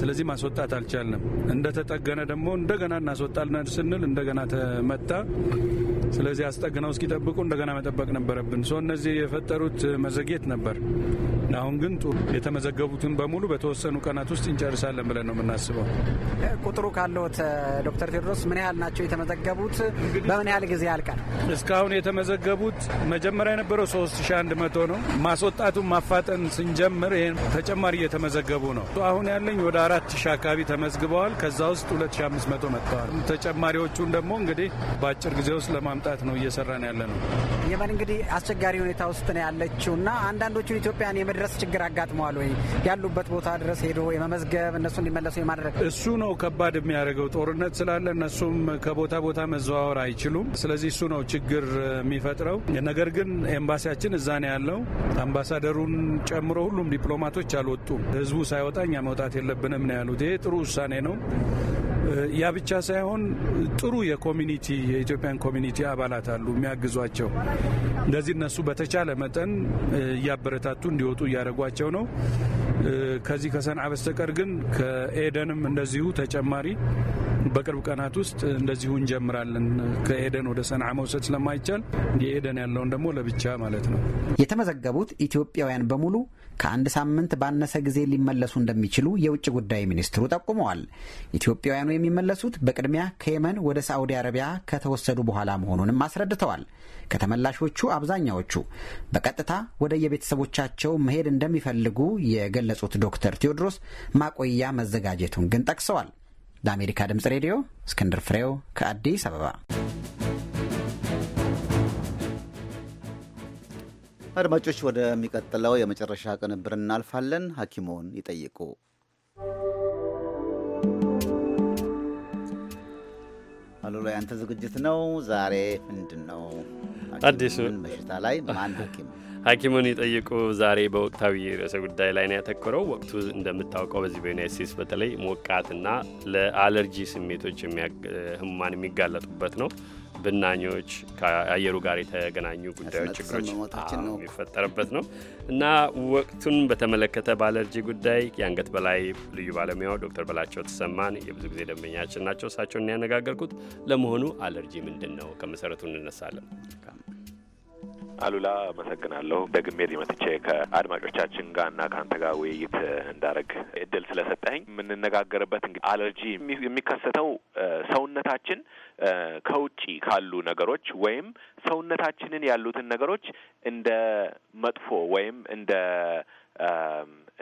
ስለዚህ ማስወጣት አልቻልንም። እንደተጠገነ ደግሞ እንደገና እናስወጣለን ስንል እንደገና ተመታ። ስለዚህ አስጠግነው እስኪጠብቁ እንደገና መጠበቅ ነበረብን። ሶ እነዚህ የፈጠሩት መዘግየት ነበር። አሁን ግን የተመዘገቡትን በሙሉ በተወሰኑ ቀናት ውስጥ እንጨርሳለን ብለን ነው የምናስበው። ቁጥሩ ካለዎት ዶክተር ቴዎድሮስ ምን ያህል ናቸው የተመዘገቡት? በምን ያህል ጊዜ ያልቃል? እስካሁን የተመዘገቡት መጀመሪያ የነበረው 3100 ነው። ማስወጣቱን ማፋጠን ስንጀምር ይህን ተጨማሪ እየተመዘገቡ ነው። አሁን ያለኝ ወደ 4000 አካባቢ ተመዝግበዋል። ከዛ ውስጥ 2500 መጥተዋል። ተጨማሪዎቹን ደግሞ እንግዲህ በአጭር ጊዜ ውስጥ ለማምጣት ነው እየሰራን ያለ ነው። የመን እንግዲህ አስቸጋሪ ሁኔታ ውስጥ ነው ያለችው እና አንዳንዶቹ ኢትዮጵያን የመድረስ ችግር አጋጥመዋል ወይ ያሉበት ቦታ ድረስ ሄዶ የመመዝገብ እነሱ እንዲመለሱ የማድረግ እሱ ነው ነው ከባድ የሚያደርገው ጦርነት ስላለ እነሱም ከቦታ ቦታ መዘዋወር አይችሉም። ስለዚህ እሱ ነው ችግር የሚፈጥረው። ነገር ግን ኤምባሲያችን እዛ ነው ያለው። አምባሳደሩን ጨምሮ ሁሉም ዲፕሎማቶች አልወጡም። ህዝቡ ሳይወጣ እኛ መውጣት የለብንም ነው ያሉት። ይሄ ጥሩ ውሳኔ ነው። ያ ብቻ ሳይሆን ጥሩ የኮሚኒቲ የኢትዮጵያን ኮሚኒቲ አባላት አሉ የሚያግዟቸው። እንደዚህ እነሱ በተቻለ መጠን እያበረታቱ እንዲወጡ እያደረጓቸው ነው። ከዚህ ከሰንዓ በስተቀር ግን ከኤደንም እንደዚሁ ተጨማሪ በቅርብ ቀናት ውስጥ እንደዚሁ እንጀምራለን። ከኤደን ወደ ሰንዓ መውሰድ ስለማይቻል የኤደን ያለውን ደግሞ ለብቻ ማለት ነው። የተመዘገቡት ኢትዮጵያውያን በሙሉ ከአንድ ሳምንት ባነሰ ጊዜ ሊመለሱ እንደሚችሉ የውጭ ጉዳይ ሚኒስትሩ ጠቁመዋል። ኢትዮጵያውያኑ የሚመለሱት በቅድሚያ ከየመን ወደ ሳዑዲ አረቢያ ከተወሰዱ በኋላ መሆኑንም አስረድተዋል። ከተመላሾቹ አብዛኛዎቹ በቀጥታ ወደ የቤተሰቦቻቸው መሄድ እንደሚፈልጉ የገለጹት ዶክተር ቴዎድሮስ ማቆያ መዘጋጀቱን ግን ጠቅሰዋል። ለአሜሪካ ድምጽ ሬዲዮ እስክንድር ፍሬው ከአዲስ አበባ አድማጮች ወደሚቀጥለው የመጨረሻ ቅንብር እናልፋለን። ሐኪሞን ይጠይቁ ላይ አንተ ዝግጅት ነው። ዛሬ ምንድን ነው አዲሱ በሽታ ላይ ማን ሐኪም ሐኪሙን ይጠይቁ ዛሬ በወቅታዊ ርዕሰ ጉዳይ ላይ ነው ያተኮረው። ወቅቱ እንደምታውቀው በዚህ በዩናይት ስቴትስ በተለይ ሞቃትና ለአለርጂ ስሜቶች ህሙማን የሚጋለጡበት ነው። ብናኞች፣ ከአየሩ ጋር የተገናኙ ጉዳዮች፣ ችግሮች የሚፈጠርበት ነው እና ወቅቱን በተመለከተ በአለርጂ ጉዳይ የአንገት በላይ ልዩ ባለሙያው ዶክተር በላቸው ተሰማን የብዙ ጊዜ ደንበኛችን ናቸው። እሳቸውን ያነጋገርኩት። ለመሆኑ አለርጂ ምንድን ነው? ከመሰረቱ እንነሳለን። አሉላ አመሰግናለሁ። ደግሜ መጥቼ ከአድማጮቻችን ጋር እና ከአንተ ጋር ውይይት እንዳረግ እድል ስለሰጠኝ የምንነጋገርበት እንግዲህ አለርጂ የሚከሰተው ሰውነታችን ከውጪ ካሉ ነገሮች ወይም ሰውነታችንን ያሉትን ነገሮች እንደ መጥፎ ወይም እንደ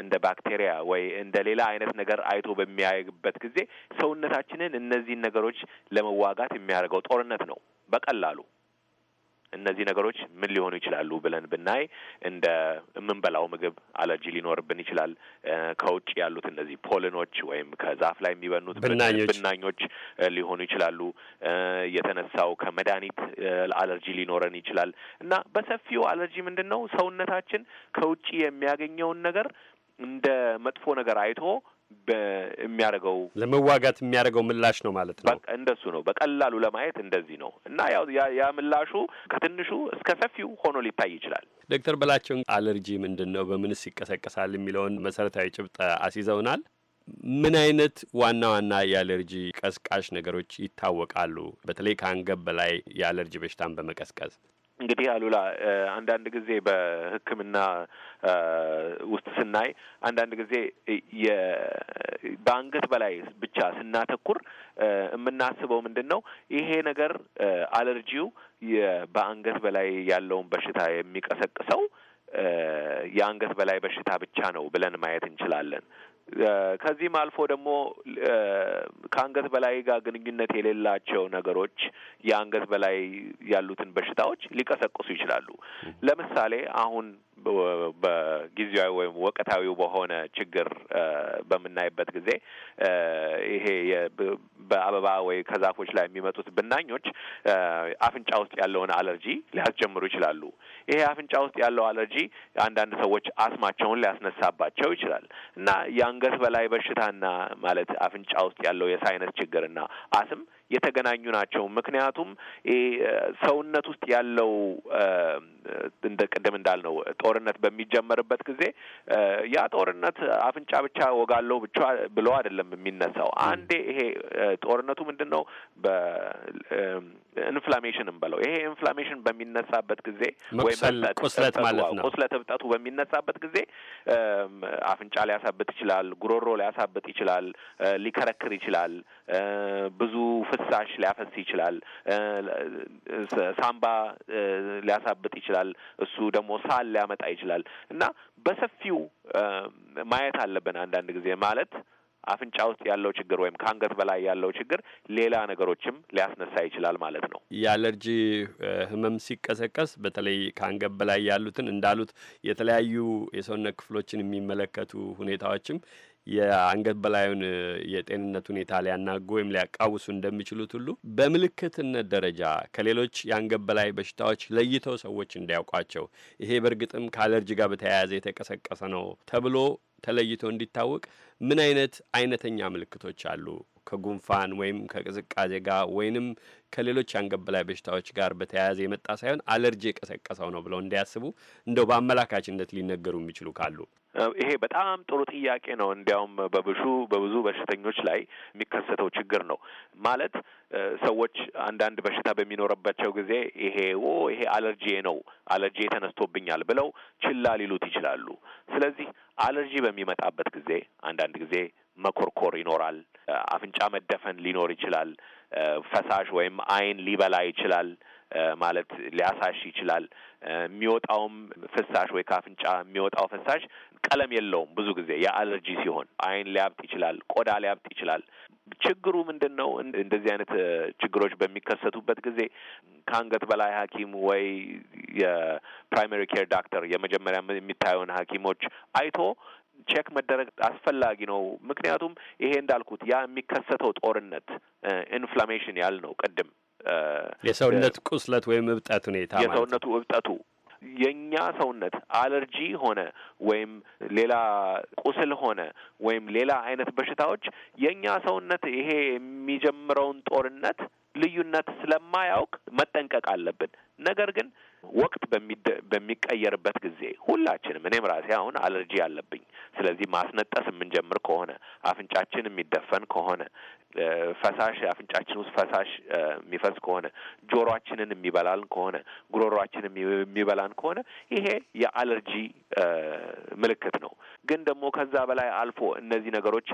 እንደ ባክቴሪያ ወይ እንደ ሌላ አይነት ነገር አይቶ በሚያይበት ጊዜ ሰውነታችንን እነዚህን ነገሮች ለመዋጋት የሚያደርገው ጦርነት ነው በቀላሉ እነዚህ ነገሮች ምን ሊሆኑ ይችላሉ ብለን ብናይ እንደ የምንበላው ምግብ አለርጂ ሊኖርብን ይችላል። ከውጭ ያሉት እነዚህ ፖልኖች ወይም ከዛፍ ላይ የሚበኑት ብናኞች ሊሆኑ ይችላሉ። የተነሳው ከመድኃኒት አለርጂ ሊኖረን ይችላል እና በሰፊው አለርጂ ምንድን ነው ሰውነታችን ከውጭ የሚያገኘውን ነገር እንደ መጥፎ ነገር አይቶ የሚያደርገው ለመዋጋት የሚያደርገው ምላሽ ነው ማለት ነው። እንደሱ ነው በቀላሉ ለማየት እንደዚህ ነው እና ያው ያ ምላሹ ከትንሹ እስከ ሰፊው ሆኖ ሊታይ ይችላል። ዶክተር በላቸውን አለርጂ ምንድን ነው፣ በምንስ ይቀሰቀሳል የሚለውን መሰረታዊ ጭብጥ አስይዘውናል። ምን አይነት ዋና ዋና የአለርጂ ቀስቃሽ ነገሮች ይታወቃሉ? በተለይ ከአንገት በላይ የአለርጂ በሽታን በመቀስቀስ እንግዲህ አሉላ አንዳንድ ጊዜ በሕክምና ውስጥ ስናይ አንዳንድ ጊዜ በአንገት በላይ ብቻ ስናተኩር የምናስበው ምንድን ነው ይሄ ነገር አለርጂው በአንገት በላይ ያለውን በሽታ የሚቀሰቅሰው የአንገት በላይ በሽታ ብቻ ነው ብለን ማየት እንችላለን። ከዚህም አልፎ ደግሞ ከአንገት በላይ ጋር ግንኙነት የሌላቸው ነገሮች የአንገት በላይ ያሉትን በሽታዎች ሊቀሰቅሱ ይችላሉ። ለምሳሌ አሁን በጊዜያዊ ወይም ወቅታዊ በሆነ ችግር በምናይበት ጊዜ ይሄ በአበባ ወይ ከዛፎች ላይ የሚመጡት ብናኞች አፍንጫ ውስጥ ያለውን አለርጂ ሊያስጀምሩ ይችላሉ። ይሄ አፍንጫ ውስጥ ያለው አለርጂ አንዳንድ ሰዎች አስማቸውን ሊያስነሳባቸው ይችላል እና የአንገት በላይ በሽታና ማለት አፍንጫ ውስጥ ያለው የሳይነስ ችግርና አስም የተገናኙ ናቸው። ምክንያቱም ሰውነት ውስጥ ያለው እንደ ቅድም እንዳልነው ጦርነት በሚጀመርበት ጊዜ ያ ጦርነት አፍንጫ ብቻ ወጋለሁ ብቻ ብሎ አይደለም የሚነሳው። አንዴ ይሄ ጦርነቱ ምንድን ነው በኢንፍላሜሽን እንበለው። ይሄ ኢንፍላሜሽን በሚነሳበት ጊዜ ወይም ቁስለት ማለት ነው፣ ቁስለት እብጠቱ በሚነሳበት ጊዜ አፍንጫ ሊያሳብጥ ይችላል፣ ጉሮሮ ሊያሳብጥ ይችላል፣ ሊከረክር ይችላል። ብዙ ፍሳሽ ሊያፈስ ይችላል። ሳምባ ሊያሳብጥ ይችላል። እሱ ደግሞ ሳል ሊያመጣ ይችላል እና በሰፊው ማየት አለብን። አንዳንድ ጊዜ ማለት አፍንጫ ውስጥ ያለው ችግር ወይም ከአንገት በላይ ያለው ችግር ሌላ ነገሮችም ሊያስነሳ ይችላል ማለት ነው። የአለርጂ ህመም ሲቀሰቀስ በተለይ ከአንገት በላይ ያሉትን እንዳሉት የተለያዩ የሰውነት ክፍሎችን የሚመለከቱ ሁኔታዎችም የአንገት በላዩን የጤንነት ሁኔታ ሊያናጉ ወይም ሊያቃውሱ እንደሚችሉት ሁሉ በምልክትነት ደረጃ ከሌሎች የአንገት በላይ በሽታዎች ለይተው ሰዎች እንዲያውቋቸው ይሄ በእርግጥም ከአለርጂ ጋር በተያያዘ የተቀሰቀሰ ነው ተብሎ ተለይቶ እንዲታወቅ ምን አይነት አይነተኛ ምልክቶች አሉ? ከጉንፋን ወይም ከቅዝቃዜ ጋር ወይንም ከሌሎች አንገት በላይ በሽታዎች ጋር በተያያዘ የመጣ ሳይሆን አለርጂ የቀሰቀሰው ነው ብለው እንዲያስቡ እንደው በአመላካችነት ሊነገሩ የሚችሉ ካሉ። ይሄ በጣም ጥሩ ጥያቄ ነው። እንዲያውም በብዙ በብዙ በሽተኞች ላይ የሚከሰተው ችግር ነው ማለት ሰዎች አንዳንድ በሽታ በሚኖርባቸው ጊዜ ይሄ ኦ ይሄ አለርጂ ነው አለርጂ ተነስቶብኛል ብለው ችላ ሊሉት ይችላሉ። ስለዚህ አለርጂ በሚመጣበት ጊዜ አንዳንድ ጊዜ መኮርኮር ይኖራል፣ አፍንጫ መደፈን ሊኖር ይችላል። ፈሳሽ ወይም አይን ሊበላ ይችላል ማለት ሊያሳሽ ይችላል። የሚወጣውም ፍሳሽ ወይ ከአፍንጫ የሚወጣው ፍሳሽ ቀለም የለውም። ብዙ ጊዜ የአለርጂ ሲሆን አይን ሊያብጥ ይችላል፣ ቆዳ ሊያብጥ ይችላል። ችግሩ ምንድን ነው? እንደዚህ አይነት ችግሮች በሚከሰቱበት ጊዜ ከአንገት በላይ ሐኪም ወይ የፕራይመሪ ኬር ዳክተር የመጀመሪያ የሚታየውን ሐኪሞች አይቶ ቼክ መደረግ አስፈላጊ ነው። ምክንያቱም ይሄ እንዳልኩት ያ የሚከሰተው ጦርነት ኢንፍላሜሽን ያል ነው ቅድም የሰውነት ቁስለት ወይም እብጠት ሁኔታ የሰውነቱ እብጠቱ የእኛ ሰውነት አለርጂ ሆነ ወይም ሌላ ቁስል ሆነ ወይም ሌላ አይነት በሽታዎች የእኛ ሰውነት ይሄ የሚጀምረውን ጦርነት ልዩነት ስለማያውቅ መጠንቀቅ አለብን። ነገር ግን ወቅት በሚቀየርበት ጊዜ ሁላችንም እኔም ራሴ አሁን አለርጂ አለብኝ። ስለዚህ ማስነጠስ የምንጀምር ከሆነ አፍንጫችን የሚደፈን ከሆነ ፈሳሽ አፍንጫችን ውስጥ ፈሳሽ የሚፈስ ከሆነ ጆሮአችንን የሚበላን ከሆነ ጉሮሯችንን የሚበላን ከሆነ ይሄ የአለርጂ ምልክት ነው። ግን ደግሞ ከዛ በላይ አልፎ እነዚህ ነገሮች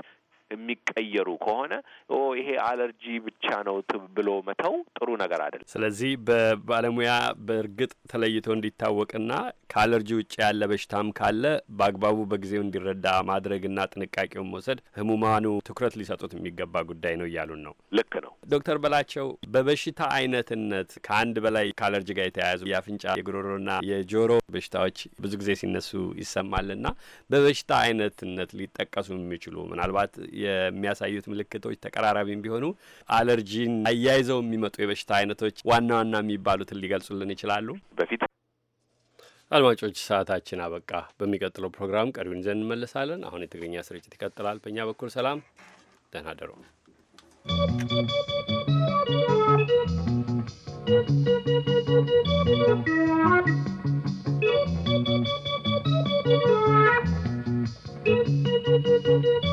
የሚቀየሩ ከሆነ ኦ ይሄ አለርጂ ብቻ ነው ብሎ መተው ጥሩ ነገር አይደለም። ስለዚህ በባለሙያ በእርግጥ ተለይቶ እንዲታወቅና ከአለርጂ ውጭ ያለ በሽታም ካለ በአግባቡ በጊዜው እንዲረዳ ማድረግና ጥንቃቄውን መውሰድ ህሙማኑ ትኩረት ሊሰጡት የሚገባ ጉዳይ ነው እያሉን ነው። ልክ ነው ዶክተር በላቸው። በበሽታ አይነትነት ከአንድ በላይ ከአለርጂ ጋር የተያያዙ የአፍንጫ የጉሮሮና የጆሮ በሽታዎች ብዙ ጊዜ ሲነሱ ይሰማልና በበሽታ አይነትነት ሊጠቀሱ የሚችሉ ምናልባት የሚያሳዩት ምልክቶች ተቀራራቢም ቢሆኑ አለርጂን አያይዘው የሚመጡ የበሽታ አይነቶች ዋና ዋና የሚባሉትን ሊገልጹልን ይችላሉ? በፊት አድማጮች፣ ሰዓታችን አበቃ። በሚቀጥለው ፕሮግራም ቀሪውን ይዘን እንመለሳለን። አሁን የትግርኛ ስርጭት ይቀጥላል። በእኛ በኩል ሰላም፣ ደህና ደሩ። Thank you.